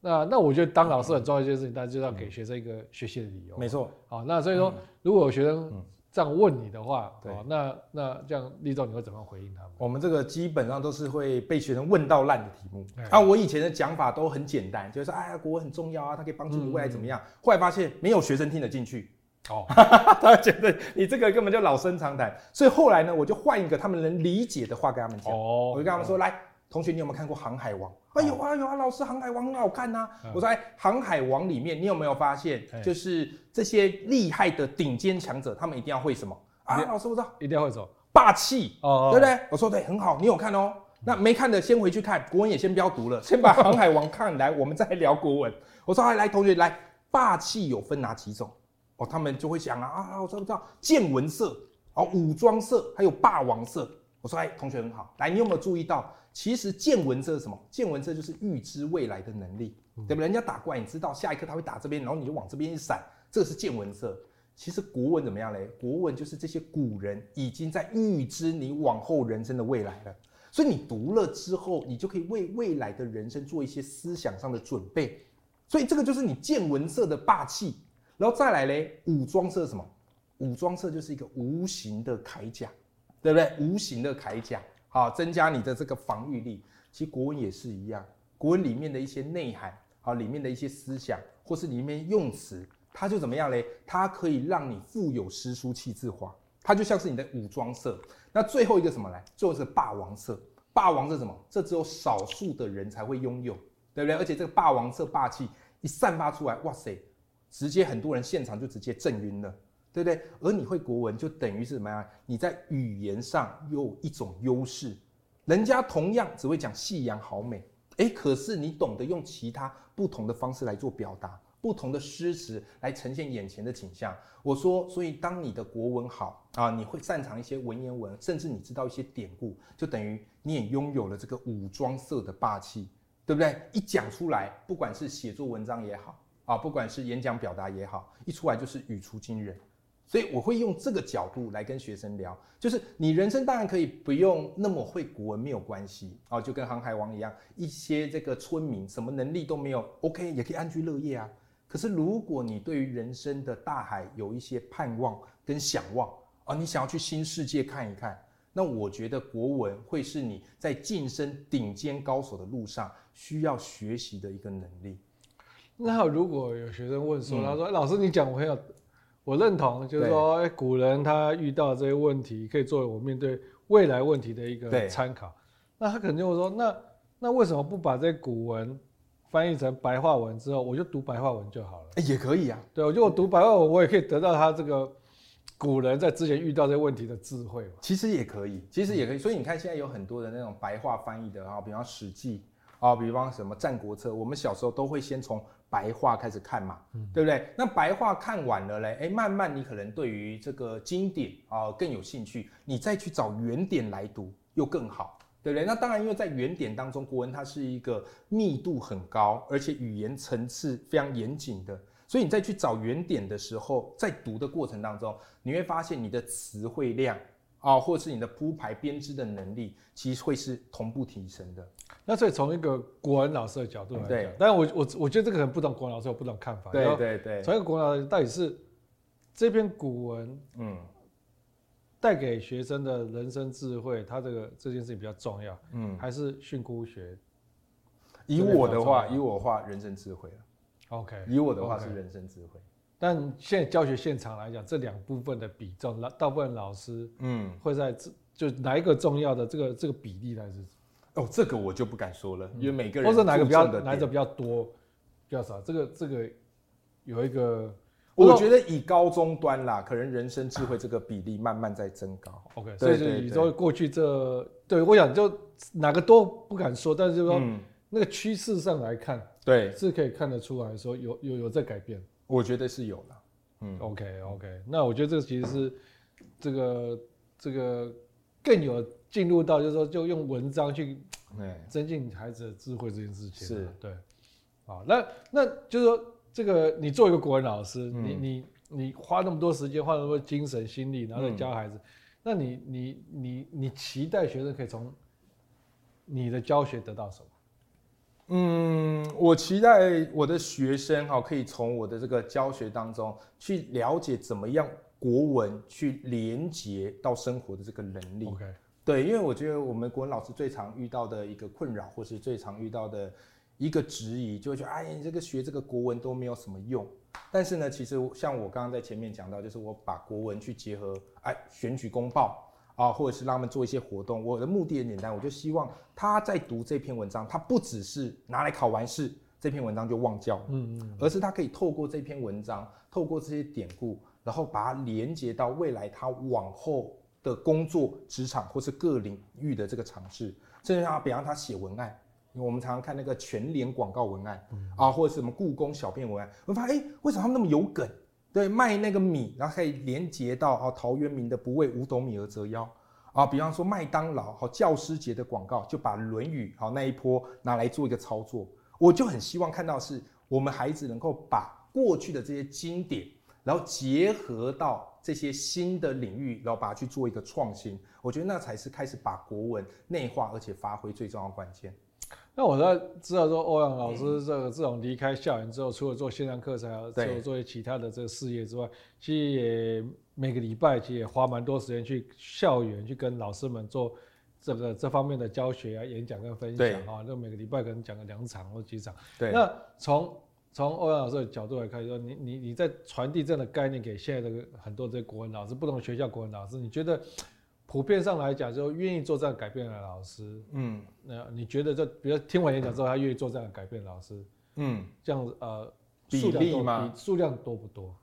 那那我覺得當老師很重要一件事情，大家就是要給學生一個學習的理由。沒錯，好，那所以說如果有學生，這樣問你的話，對喔、那那這樣，立中你會怎麼回應他們？我們這個基本上都是會被學生問到爛的題目。嗯、啊，我以前的講法都很簡單，就是說，哎呀，國文很重要啊，他可以幫助你未來怎麼樣。嗯、後來發現沒有學生聽得進去，哦， <laughs> 他覺得你這個根本就老生常談。所以後來呢，我就換一個他們能理解的話跟他們講。哦，我就跟他們說，來。同學，你有沒有看過《航海王》啊？哎有啊有啊，老師，航啊嗯欸《航海王》很好看吶。我說哎，《航海王》裡面，你有沒有發現，就是這些厲害的頂尖強者，他們一定要會什麼？欸、啊，老師我知道，一定要會什麼？霸氣氣，哦，哦，哦，對不對？我說對，很好，你有看哦、喔。嗯、那沒看的先回去看國文也先不要讀了，先把《航海王》看， <laughs> 來，我們再聊國文。我說哎，來，同學來，霸氣有分哪幾種？哦，他們就會想啊啊，我說不知道，見聞色，啊、哦，武裝色，還有霸王色。我說，哎，同學很好。來，你有沒有注意到？其實見聞色是什麼？見聞色就是預知未來的能力，對不對、嗯？人家打過來，你知道下一刻他會打這邊，然後你就往這邊一閃，這個是見聞色。其實國文怎麼樣嘞？國文就是這些古人已經在預知你往後人生的未來了，所以你讀了之後，你就可以為未來的人生做一些思想上的準備。所以這個就是你見聞色的霸氣。然後再來嘞，武裝色是什麼？武裝色就是一個無形的鎧甲。對不對？無形的鎧甲，好、啊，增加你的這個防御力。其實國文也是一樣，國文裡面的一些內涵，好、啊，裡面的一些思想，或是裡面用詞，它就怎麼樣嘞？它可以讓你富有詩書氣質化，它就像是你的武裝色。那最後一個什麼嘞？最後是霸王色。霸王色什麼？這只有少數的人才會擁有，對不對？而且這個霸王色霸氣一散發出來，哇塞，直接很多人現場就直接震暈了。對不對？而你會國文，就等於是怎麼樣？你在語言上又有一種優勢。人家同樣只會講“夕陽好美”，哎，可是你懂得用其他不同的方式來做表達，不同的詩詞來呈現眼前的景象。我說，所以當你的國文好啊，你會擅長一些文言文，甚至你知道一些典故，就等於你也擁有了這個武裝色的霸氣，對不對？一講出來，不管是寫作文章也好啊，不管是演講表達也好，一出來就是語出驚人。所以我會用這個角度來跟學生聊，就是你人生當然可以不用那麼會國文沒有關係啊。就跟航海王一樣，一些這個村民什麼能力都沒有，OK 也可以安居樂業啊。可是如果你對於人生的大海有一些盼望跟想望啊，你想要去新世界看一看，那我覺得國文會是你在晉升頂尖高手的路上需要學習的一個能力。那如果有學生問說，他說，嗯，老師你講我很有。我認同，就是說，哎，古人他遇到這些問題，可以作為我面對未來問題的一個參考對。那他肯定會說那，那那為什麼不把這古文翻譯成白話文之後，我就讀白話文就好了、欸？也可以啊。對，我覺得我讀白話文，我也可以得到他這個古人在之前遇到這些問題的智慧嘛。其實也可以，其實也可以。所以你看，現在有很多的那種白話翻譯的啊，然後比方《史記》。啊、哦，比方什麼《戰國策》，我們小時候都會先從白話開始看嘛，嗯、對不對？那白話看完了嘞，哎、欸，慢慢你可能對於這個經典啊、哦、更有興趣，你再去找原點來讀又更好，對不對？那當然，因為在原點當中，國文它是一個密度很高，而且語言層次非常嚴謹的，所以你再去找原點的時候，在讀的過程當中，你會發現你的詞彙量啊、哦，或者是你的鋪排編織的能力，其實會是同步提升的。那所以從一個國文老師的角度來講、嗯，對，但我我我覺得這個可能不同國文老師有不同的看法。對對對。從一個國文老師到底是這篇古文，嗯，帶給學生的人生智慧，他這個這件事情比較重要，嗯，還是訓詁學？以我的話，以我話，人生智慧了。OK。以我的話是人生智慧。Okay, 但現在教學現場來講，這兩部分的比重，大部分老師，嗯，會在這就哪一個重要的這個這個比例來是？哦，這個我就不敢說了，因為每個人或者哪個比較，哪個比較多，比較少，這個這個有一個，我覺得以高中端啦，可能人生智慧這個比例慢慢在增高。OK，所以說過去這，對，我想就哪個都不敢說，但是就是說、嗯、那個趨勢上來看，對，是可以看得出來說有有有在改變，我覺得是有了，嗯，OK OK，那我覺得這個其實是這個這個更有。進入到就是說，就用文章去增進孩子的智慧這件事情、啊、是，對好，好，那就是說，這個你做一個國文老師，嗯、你你你花那麼多時間，花那麼多精神心力，然後再教孩子，嗯、那你你你你，你期待學生可以從你的教學得到什麼？嗯，我期待我的學生哈、喔，可以從我的這個教學當中去了解怎麼樣國文去連接到生活的這個能力。OK。對，因為我覺得我們國文老師最常遇到的一個困擾，或是最常遇到的一個質疑，就會覺得，哎，你這個學這個國文都沒有什麼用。但是呢，其實像我剛剛在前面講到，就是我把國文去結合，哎，選舉公報啊，或者是讓他們做一些活動。我的目的很簡單，我就希望他在讀這篇文章，他不只是拿來考完試，這篇文章就忘掉，嗯，嗯嗯，而是他可以透過這篇文章，透過這些典故，然後把它連接到未來他往後。的工作職場或是各領域的這個嘗試，甚至讓，比方他寫文案，我們常常看那個全聯廣告文案，啊，或者是什麼故宮小編文案，我發現，哎，為什麼他們那麼有梗？對，賣那個米，然後可以連接到啊，陶淵明的“不為五斗米而折腰”，啊，比方說麥當勞和教師節的廣告，就把《論語》好那一波拿來做一個操作。我就很希望看到，是我們孩子能夠把過去的這些經典，然後結合到。這些新的領域，然後把它去做一個創新，我覺得那才是開始把國文內化而且發揮最重要的關鍵。那我在知道說歐陽老師這個自從離開校園之後，除了做線上課程啊，對，還有除了做其他的這個事業之外，其實也每個禮拜其實也花蠻多時間去校園去跟老師們做這個這方面的教學啊、演講跟分享啊，對 就每個禮拜可能講個兩場或幾場。對，那從。從歐陽老師的角度來看，說你你你在傳遞這樣的概念給現在的很多這些國文老師，不同學校國文老師，你覺得普遍上來講，就願意做這樣改變的老師，嗯，那你覺得就比如聽完演講之後，他願意做這樣的改變的老師，嗯，這樣子呃，比例嗎？數量多不多？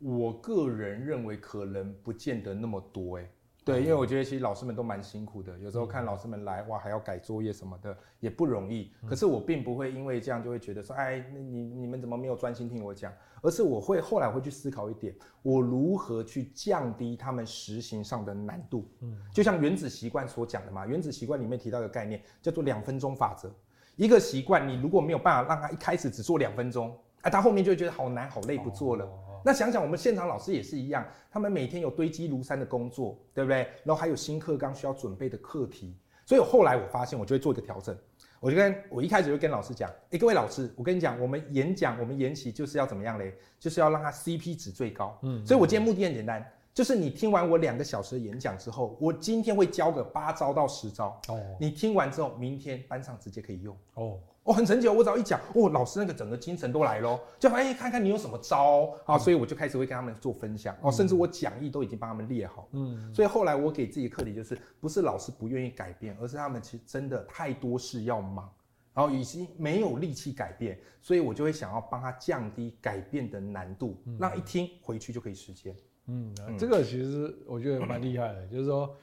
我個人認為可能不見得那麼多。欸，哎。對，因為我覺得其實老師們都蠻辛苦的，有時候看老師們來哇，還要改作業什麼的，也不容易。可是我並不會因為這樣就會覺得說，哎，那你你們怎麼沒有專心聽我講？而是我會後來會去思考一點，我如何去降低他們實行上的難度。嗯，就像原子習慣所講的嘛，原子習慣裡面提到一個概念叫做兩分鐘法則。一個習慣你如果沒有辦法讓他一開始只做兩分鐘，啊他後面就會覺得好難好累，不做了。哦，那想想我們現場老師也是一樣，他們每天有堆積如山的工作，對不對？然後還有新課綱需要準備的課題，所以後來我發現，我就會做一個調整，我就跟我一開始就跟老師講，哎、欸，各位老師，我跟你講，我們演講，我們研習就是要怎麼樣嘞？就是要讓它 CP 值最高，嗯，嗯，嗯，所以我今天目的很簡單。就是你聽完我兩個小時的演講之後，我今天會教個八招到十招哦。你聽完之後，明天班上直接可以用哦。哦，陳姐，我只要一講哦，老師那個整個精神都來咯，就哎、欸，看看你有什麼招、嗯、啊？所以我就開始會跟他們做分享哦、啊，甚至我講義都已經幫他們列好。嗯，所以後來我給自己的課題就是，不是老師不願意改變，而是他們其實真的太多事要忙，然後已經沒有力氣改變，所以我就會想要幫他降低改變的難度，嗯、讓一聽回去就可以實踐。嗯、啊，這個其實我覺得蠻厲害的，嗯、就是說，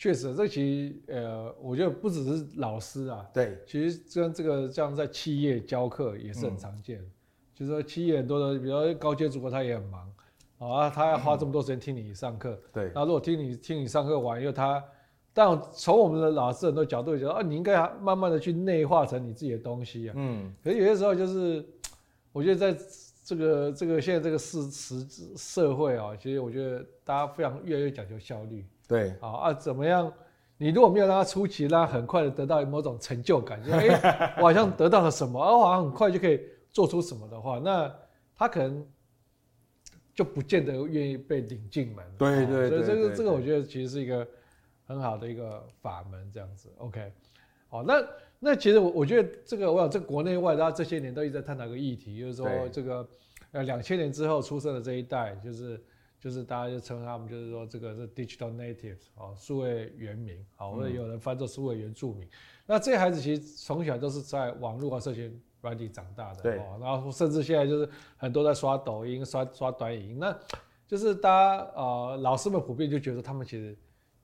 確實這個、其實呃，我覺得不只是老師啊，對，其實像這個這樣在企業教課也是很常見，嗯、就是說企業很多的，比如說高階主管他也很忙，啊，他要花這麼多時間聽你上課，對、嗯，那如果聽你聽你上課完又他，但從我們的老師很多角度覺得，啊，你應該慢慢的去內化成你自己的東西啊，嗯，可是有些時候就是，我覺得在。這個這個現在這個現實社會啊、喔，其實我覺得大家非常越來越講究效率。對，啊、喔、啊怎麼樣？你如果沒有讓他出奇，讓他很快的得，得到某種成就感，覺、欸、我好像得到了什麼，而好像很快就可以做出什麼的話，那他可能就不見得願意被領進門。對對，對對對。喔、所以這個這個我覺得其實是一個很好的一個法門，這樣子。OK，好、喔、那。那其實我我覺得這個，我想這國內外大家這些年都一直在探討個議題，就是說這個，呃，兩千年之後出生的這一代，就是就是大家就稱他們就是說這個是 digital natives 哦，數位原民哦，我們有人翻作數位原住民。嗯、那這些孩子其實從小都是在網絡和社群軟體長大的對、哦，然後甚至現在就是很多在刷抖音、刷刷短影音。那就是大家啊、呃，老師們普遍就覺得他們其實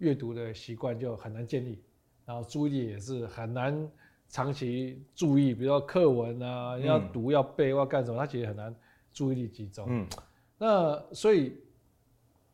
閱讀的習慣就很難建立，然後注意力也是很難。長期注意，比如說課文啊，要讀，嗯，要背要幹什麼，他其實很難注意力集中。嗯，那所以，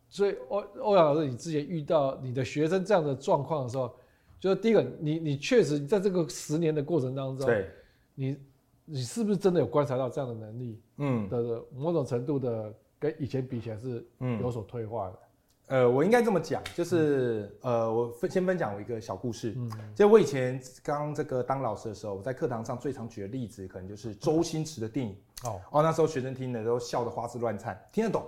所以歐歐陽老師，你之前遇到你的學生這樣的狀況的時候，就是第一個，你你確實你在這個十年的過程當中，對，你你是不是真的有觀察到這樣的能力？嗯，的某種程度的跟以前比起來是有所退化的。嗯嗯。呃，我應該這麼講，就是呃，我分先分享我一個小故事，嗯、就我以前剛這個當老師的時候，我在課堂上最常舉的例子，可能就是周星馳的電影哦，哦，那時候學生聽了都笑得花枝亂顫，聽得懂，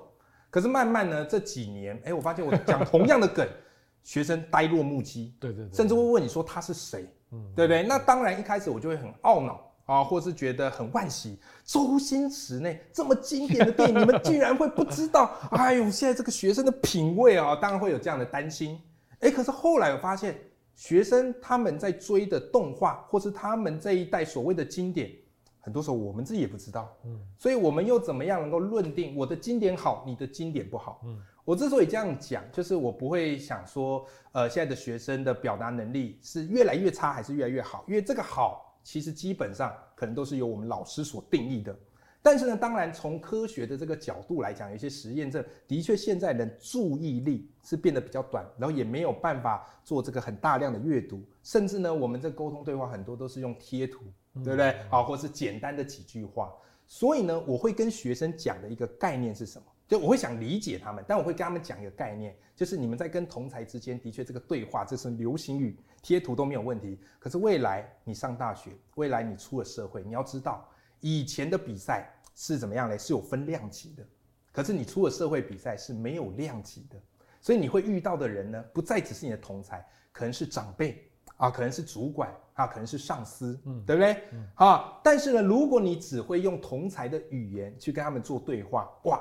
可是慢慢呢這幾年，哎、欸，我發現我講同樣的梗， <laughs> 學生呆若木雞，對對對，甚至會問你說他是誰？嗯、對不對？嗯、那當然一開始我就會很懊惱。啊、哦，或是覺得很惋惜，周星馳呢這麼經典的電影， <laughs> 你們竟然會不知道？哎呦，現在這個學生的品味啊、哦，當然會有這樣的擔心。哎、欸，可是後來我發現，學生他們在追的動畫，或是他們這一代所謂的經典，很多時候我們自己也不知道。嗯，所以我們又怎麼樣能夠論定我的經典好，你的經典不好？嗯，我之所以這樣講，就是我不會想說，呃，現在的學生的表達能力是越來越差，還是越來越好？因為這個好。其實基本上可能都是由我們老師所定義的，但是呢，當然從科學的這個角度來講，有些實驗證，的確現在人注意力是變得比較短，然後也沒有辦法做這個很大量的閱讀，甚至呢，我們這溝通對話很多都是用貼圖，嗯、對不對？嗯、啊，或是簡單的幾句話。所以呢，我會跟學生講的一個概念是什麼？就我會想理解他們，但我會跟他們講一個概念，就是你們在跟同儕之間，的確這個對話，這是流行語、貼圖都沒有問題。可是未來你上大學，未來你出了社會，你要知道以前的比賽是怎麼樣呢？是有分量級的，可是你出了社會，比賽是沒有量級的。所以你會遇到的人呢，不再只是你的同儕，可能是長輩啊，可能是主管啊，可能是上司，嗯，對不對？好、嗯啊。但是呢，如果你只會用同儕的語言去跟他們做對話，哇！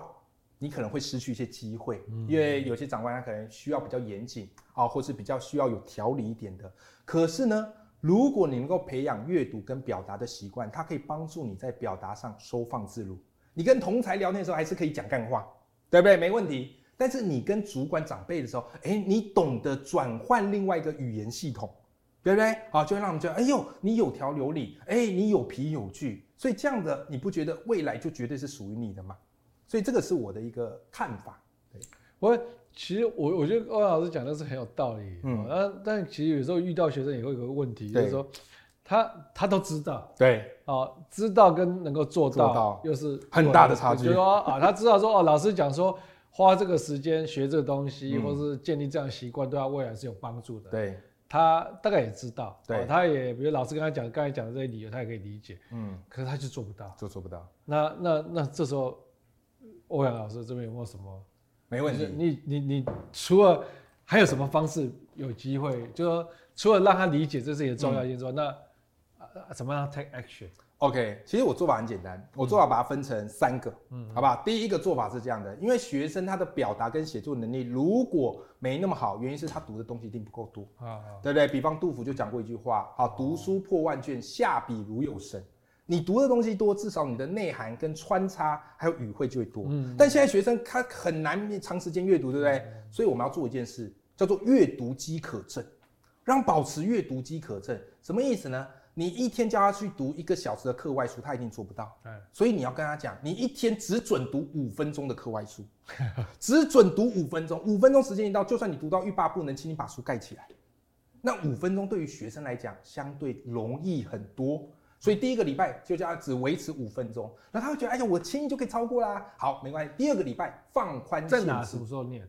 你可能會失去一些機會，因為有些長官他可能需要比較嚴謹啊，或是比較需要有條理一點的。可是呢，如果你能夠培養閱讀跟表達的習慣，它可以幫助你在表達上收放自如。你跟同才聊天的時候還是可以講幹話，對不對？沒問題。但是你跟主管長輩的時候，哎、欸，你懂得轉換另外一個語言系統，對不對？啊，就會讓我們覺得哎呦，你有條有理，哎、欸，你有憑有據。所以這樣的，你不覺得未來就絕對是屬於你的嗎？所以這個是我的一個看法。我，其實我我覺得歐陽老師講的是很有道理。嗯，但但其實有時候遇到學生也會有個問題，就是說他他都知道，對，哦，知道跟能夠做到又是很大的差距。就是說啊，他知道說哦，老師講說花這個時間學這個東西，或是建立這樣習慣，對他未來是有幫助的。對，他大概也知道，對，他也比如老師跟他講剛才講的這些理由，他也可以理解。嗯，可是他就做不到，就做不到。那那那這時候。歐陽老師這邊有沒有什麼？沒問題。你你你，你除了還有什麼方式有機會？有機會就說，除了讓他理解這是一個重要性之外，嗯、那、啊、怎麼樣 take action？OK，、okay, 其實我做法很簡單，我做法把它分成三個，嗯，好不好？第一個做法是這樣的，因為學生他的表達跟寫作能力如果沒那麼好，原因是他讀的東西一定不夠多啊，嗯、對不對？比方杜甫就講過一句話好、嗯啊，讀書破萬卷，下筆如有神。你讀的東西多，至少你的內涵跟穿插還有語彙就會多。嗯嗯、但現在學生他很難長時間閱讀，對不對？嗯嗯、所以我們要做一件事，叫做閱讀飢渴症，讓保持閱讀飢渴症。什麼意思呢？你一天叫他去讀一個小時的課外書，他一定做不到。嗯、所以你要跟他講，你一天只准讀五分鐘的課外書，只准讀五分鐘。五分鐘時間一到，就算你讀到欲罷不能，請你把書蓋起來。那五分鐘對於學生來講，相對容易很多。所以第一個禮拜就叫他只維持五分鐘，那他會覺得哎呀，我輕易就可以超過啦。好，沒關係。第二個禮拜放寬限制。在哪？什麼時候念？啊、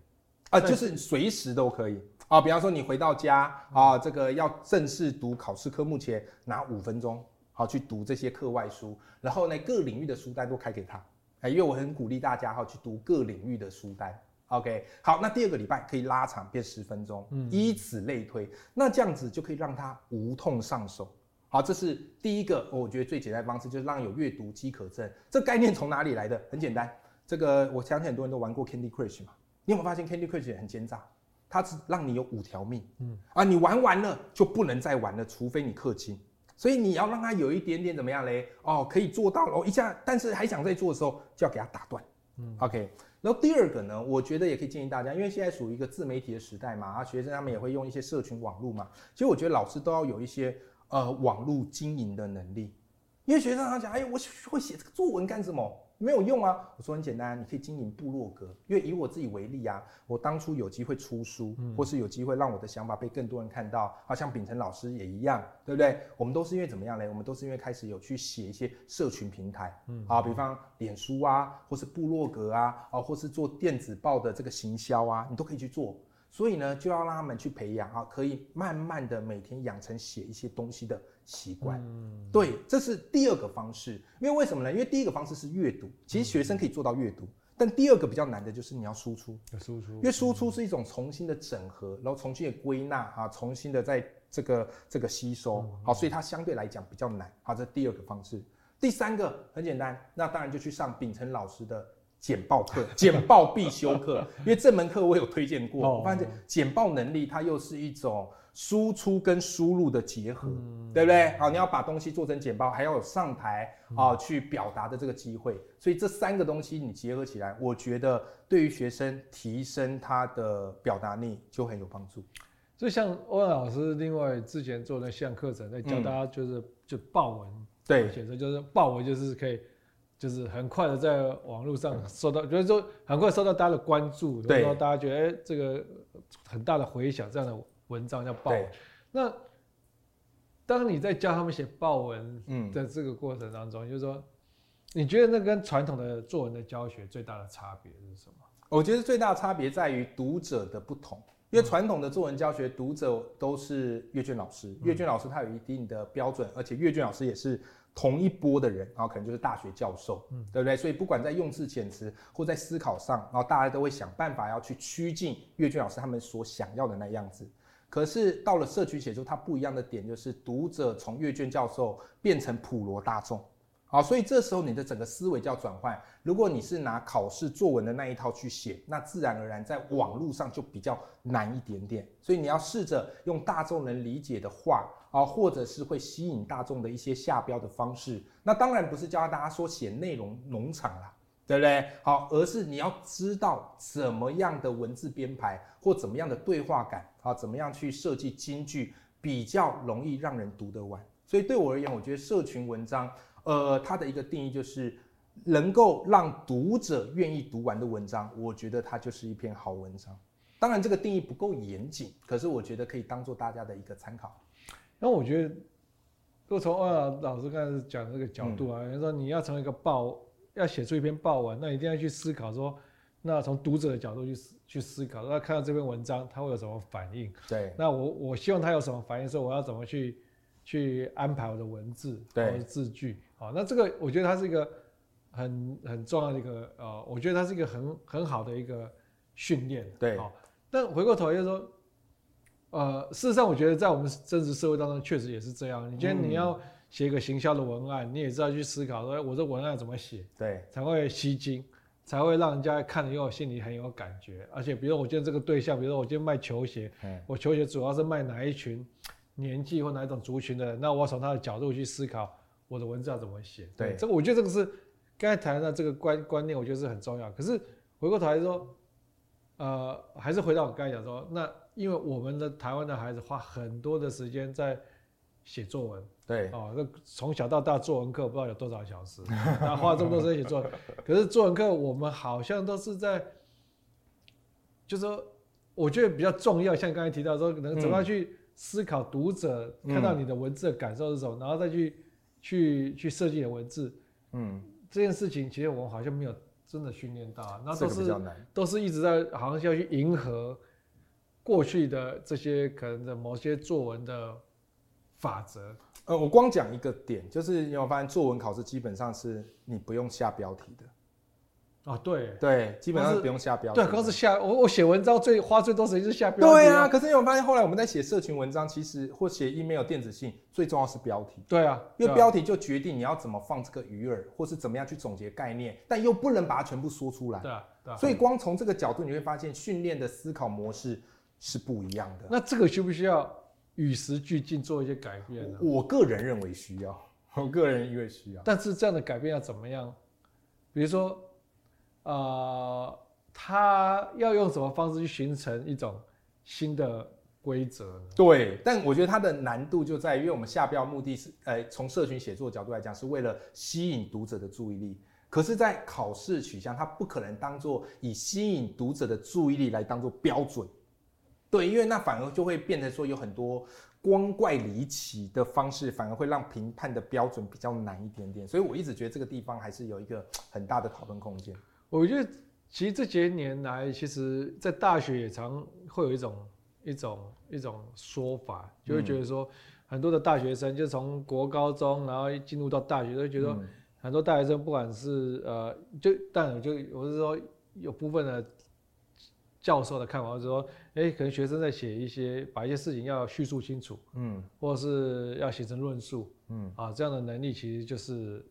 呃，以就是隨時都可以啊、哦。比方說你回到家啊、哦，這個要正式讀考試科目前拿五分鐘，好、哦、去讀這些課外書。然後呢，各領域的書單都開給他。哎，因為我很鼓勵大家哈、哦、去讀各領域的書單。OK，好，那第二個禮拜可以拉長變十分鐘。嗯，以此類推，那這樣子就可以讓他無痛上手。好，這是第一個，我覺得最簡單的方式就是讓有閱讀飢渴症。這概念從哪裡來的？很簡單，這個我相信很多人都玩過 Candy Crush 嘛。你有沒有發現 Candy Crush 也很奸詐？它是讓你有五條命，嗯啊，你玩完了就不能再玩了，除非你氪金。所以你要讓他有一點點怎麼樣嘞？哦，可以做到哦一下，但是還想再做的時候就要給他打斷。嗯，OK。然後第二個呢，我覺得也可以建議大家，因為現在屬於一個自媒體的時代嘛，啊，學生他們也會用一些社群網絡嘛。其實我覺得老師都要有一些。呃，網絡經營的能力，因為學生他講，哎、欸，我會寫這個作文幹什麼？沒有用啊！我說很簡單、啊，你可以經營部落格。因為以我自己為例啊，我當初有機會出書，或是有機會讓我的想法被更多人看到。好、啊、像丙成老師也一樣，對不對？我們都是因為怎麼樣呢？我們都是因為開始有去寫一些社群平台，嗯，啊，比方臉書啊，或是部落格啊，啊，或是做電子報的這個行銷啊，你都可以去做。所以呢，就要讓他們去培養啊，可以慢慢的每天養成寫一些東西的習慣。嗯，對，這是第二個方式，因為為什麼呢？因為第一個方式是閱讀，其實學生可以做到閱讀，但第二個比較難的就是你要輸出，要輸出，因為輸出是一種重新的整合，然後重新的歸納啊，重新的在這個這個吸收，好、嗯，所以它相對來講比較難啊，這是第二個方式，第三個很簡單，那當然就去上丙成老師的。簡報課，簡報必修課， <laughs> 因為這門課我有推薦過。哦、我發現簡報能力它又是一種輸出跟輸入的結合，嗯、對不對？好，你要把東西做成簡報，還要有上台啊、嗯、哦、去表達的這個機會，所以這三個東西你結合起來，我覺得對於學生提升他的表達力就很有幫助。就像歐陽老師另外之前做的那項課程在教大家，就是、嗯、就爆文，對，其實就是爆文就是可以。就是很快的在網絡上受到，就是說很快受到大家的關注，然後、嗯、大家覺得對、欸、這個很大的回響，這樣的文章叫報文。對那當你在教他們寫報文的這個過程當中，嗯、就是說，你覺得那跟傳統的作文的教學最大的差別是什麼？我覺得最大的差別在於讀者的不同，因為傳統的作文教學讀者都是閱卷老師，閱卷老師、嗯、閱卷老師他有一定的標準，嗯、而且閱卷老師也是。同一波的人，然後可能就是大學教授，嗯，對不對？所以不管在用字遣詞或在思考上，然後大家都會想辦法要去趨近閱卷老師他們所想要的那樣子。可是到了社群寫作，它不一樣的點就是讀者從閱卷教授變成普羅大眾，好，所以這時候你的整個思維就要轉換。如果你是拿考試作文的那一套去寫，那自然而然在網絡上就比較難一點點。所以你要試着用大眾能理解的話。啊，或者是會吸引大眾的一些下標的方式，那當然不是教大家說寫內容農場啦，對不對？好，而是你要知道怎麼樣的文字編排或怎麼樣的對話感啊，怎麼樣去設計金句，比較容易讓人讀得完。所以對我而言，我覺得社群文章，呃，它的一個定義就是能夠讓讀者願意讀完的文章，我覺得它就是一篇好文章。當然這個定義不夠嚴謹，可是我覺得可以當做大家的一個參考。那我覺得，如果從歐陽老師剛才講這個角度啊，人、嗯、說你要成為一個報，要寫出一篇報文，那一定要去思考說，那從讀者的角度去思去思考，那看到這篇文章他會有什麼反應？對，那我我希望他有什麼反應，說我要怎麼去去安排我的文字，對，字句，對好，那這個我覺得它是一個很很重要的一個，呃，我覺得它是一個很很好的一個訓練，對，好，但回過頭又說。呃，事實上，我覺得在我們真實社會當中，確實也是這樣。你今天你要寫一個行銷的文案，嗯、你也知道去思考說，我這文案怎麼寫，對，才會吸睛，才會讓人家看了以後心裡很有感覺。而且，比如說我覺得這個對象，比如說我今天賣球鞋，嗯、我球鞋主要是賣哪一群年紀或哪一種族群的人，那我從他的角度去思考我的文字要怎麼寫。對，對，這個我覺得這個是剛才談到這個觀觀念，我覺得是很重要。可是回過頭來說，呃，還是回到我剛才講說那。因為我們的台灣的孩子花很多的時間在寫作文，對哦。那從小到大作文課不知道有多少小時，然後 <laughs> 花這麼多時間寫作文。可是作文課我們好像都是在，就是說，我覺得比較重要，像剛才提到說，可能怎麼樣去思考讀者、嗯、看到你的文字的感受的時候，然後再去去去設計的文字。嗯，這件事情其實我們好像沒有真的訓練到，那都是，是都是一直在好像是要去迎合過去的這些可能的某些作文的法則，呃，我光講一個點，就是你有沒有發現作文考試基本上是你不用下標題的，啊，對對，基本上是不用下標題。對，可是下我我寫文章最花最多時間就是下標題啊。對啊，可是你有沒有發現後來我們在寫社群文章，其實或寫 email 電子信，最重要是標題。對啊，對啊，因為標題就決定你要怎麼放這個魚餌，或是怎麼樣去總結概念，但又不能把它全部說出來。對啊，對啊，所以光從這個角度你會發現訓練的思考模式是不一樣的啊。那這個需不需要與時俱進做一些改變呢？我，我個人認為需要，我個人認為需要。但是這樣的改變要怎麼樣？比如說，呃，他要用什麼方式去形成一種新的規則呢？對，但我覺得它的難度就在於，因為我們下標目的是，呃，從社群寫作角度來講，是為了吸引讀者的注意力。可是，在考試取向，它不可能當做以吸引讀者的注意力來當做標準。對，因為那反而就會變成說有很多光怪離奇的方式，反而會讓評判的標準比較難一點點。所以我一直覺得這個地方還是有一個很大的討論空間。我覺得其實這些年來，其實在大學也常會有一種一種一種說法，就會覺得說很多的大學生就從國高中然後一進入到大學，都會覺得說很多大學生不管是、嗯、呃，就當然就有我是說有部分的教授的看法，我是說。哎、欸，可能學生在寫一些，把一些事情要敘述清楚，嗯，或者是要寫成論述，嗯，啊，這樣的能力其實就是，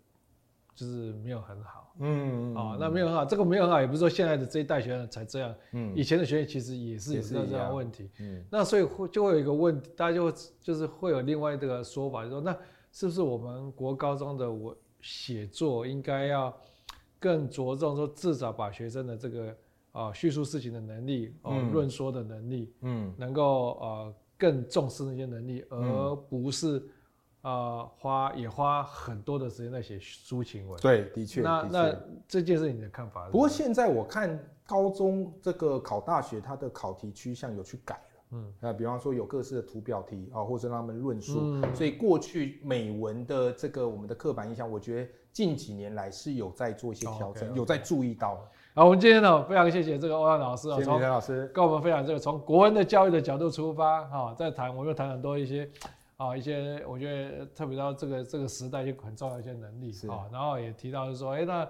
就是沒有很好，嗯，嗯啊，那沒有很好，嗯、這個沒有很好，也不是說現在的這一代學生才這樣，嗯，以前的學生其實也是也是這樣問題，嗯，那所以就會就會有一個問題，大家就會就是會有另外一個說法，就是、說那是不是我們國高中的我寫作應該要更着重說至少把學生的這個。啊，敘述事情的能力，哦，論、嗯、說的能力，嗯，能夠呃更重視那些能力，而不是啊、嗯呃、花也花很多的時間在寫抒情文。對，的確、那、的確。那那這件事你的看法。不過現在我看高中這個考大學，它的考題趨向有去改了，嗯，那、啊、比方說有各式的圖表題啊，或者讓他們論述，嗯、所以過去美文的這個我們的刻板印象，我覺得近幾年來是有在做一些調整，oh, okay, okay. 有在注意到。好，我們今天呢，非常謝謝這個歐陽老師，謝謝歐陽老師跟我們分享這個從國文的教育的角度出發，哈，在談，我們又談很多一些，啊，一些我覺得特別到這個這個時代就很重要的一些能力啊，然後也提到就說，那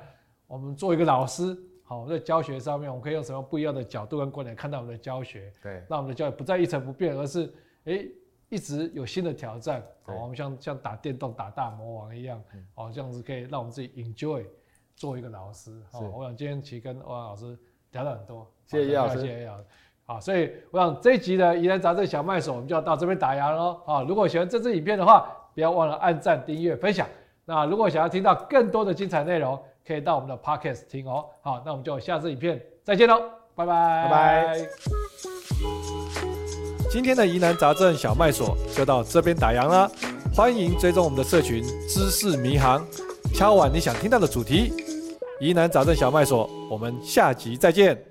我們做一個老師，好，在教學上面我們可以用什麼不一樣的角度跟觀點看待我們的教學，讓我們的教育不再一成不變，而是哎一直有新的挑戰，好，我們像像打電動打大魔王一樣，好，這樣子可以讓我們自己 enjoy。做一個老師，好，哦，是我想今天其實跟歐陽老師聊了很多，謝謝葉老師，謝謝葉老師，好，所以我想這一集的疑難雜症小賣所，我們就要到這邊打烊了，好，哦，如果喜歡這支影片的話，不要忘了按贊、訂閱、分享。那如果想要聽到更多的精彩內容，可以到我們的 Podcast 聽哦。好，那我們就下支影片再見嘍，拜拜，拜拜 bye。今天的疑難雜症小賣所就到這邊打烊啦。歡迎追蹤我們的社群知識迷航，敲碗你想聽到的主題。疑難雜症小賣所，我們下集再見！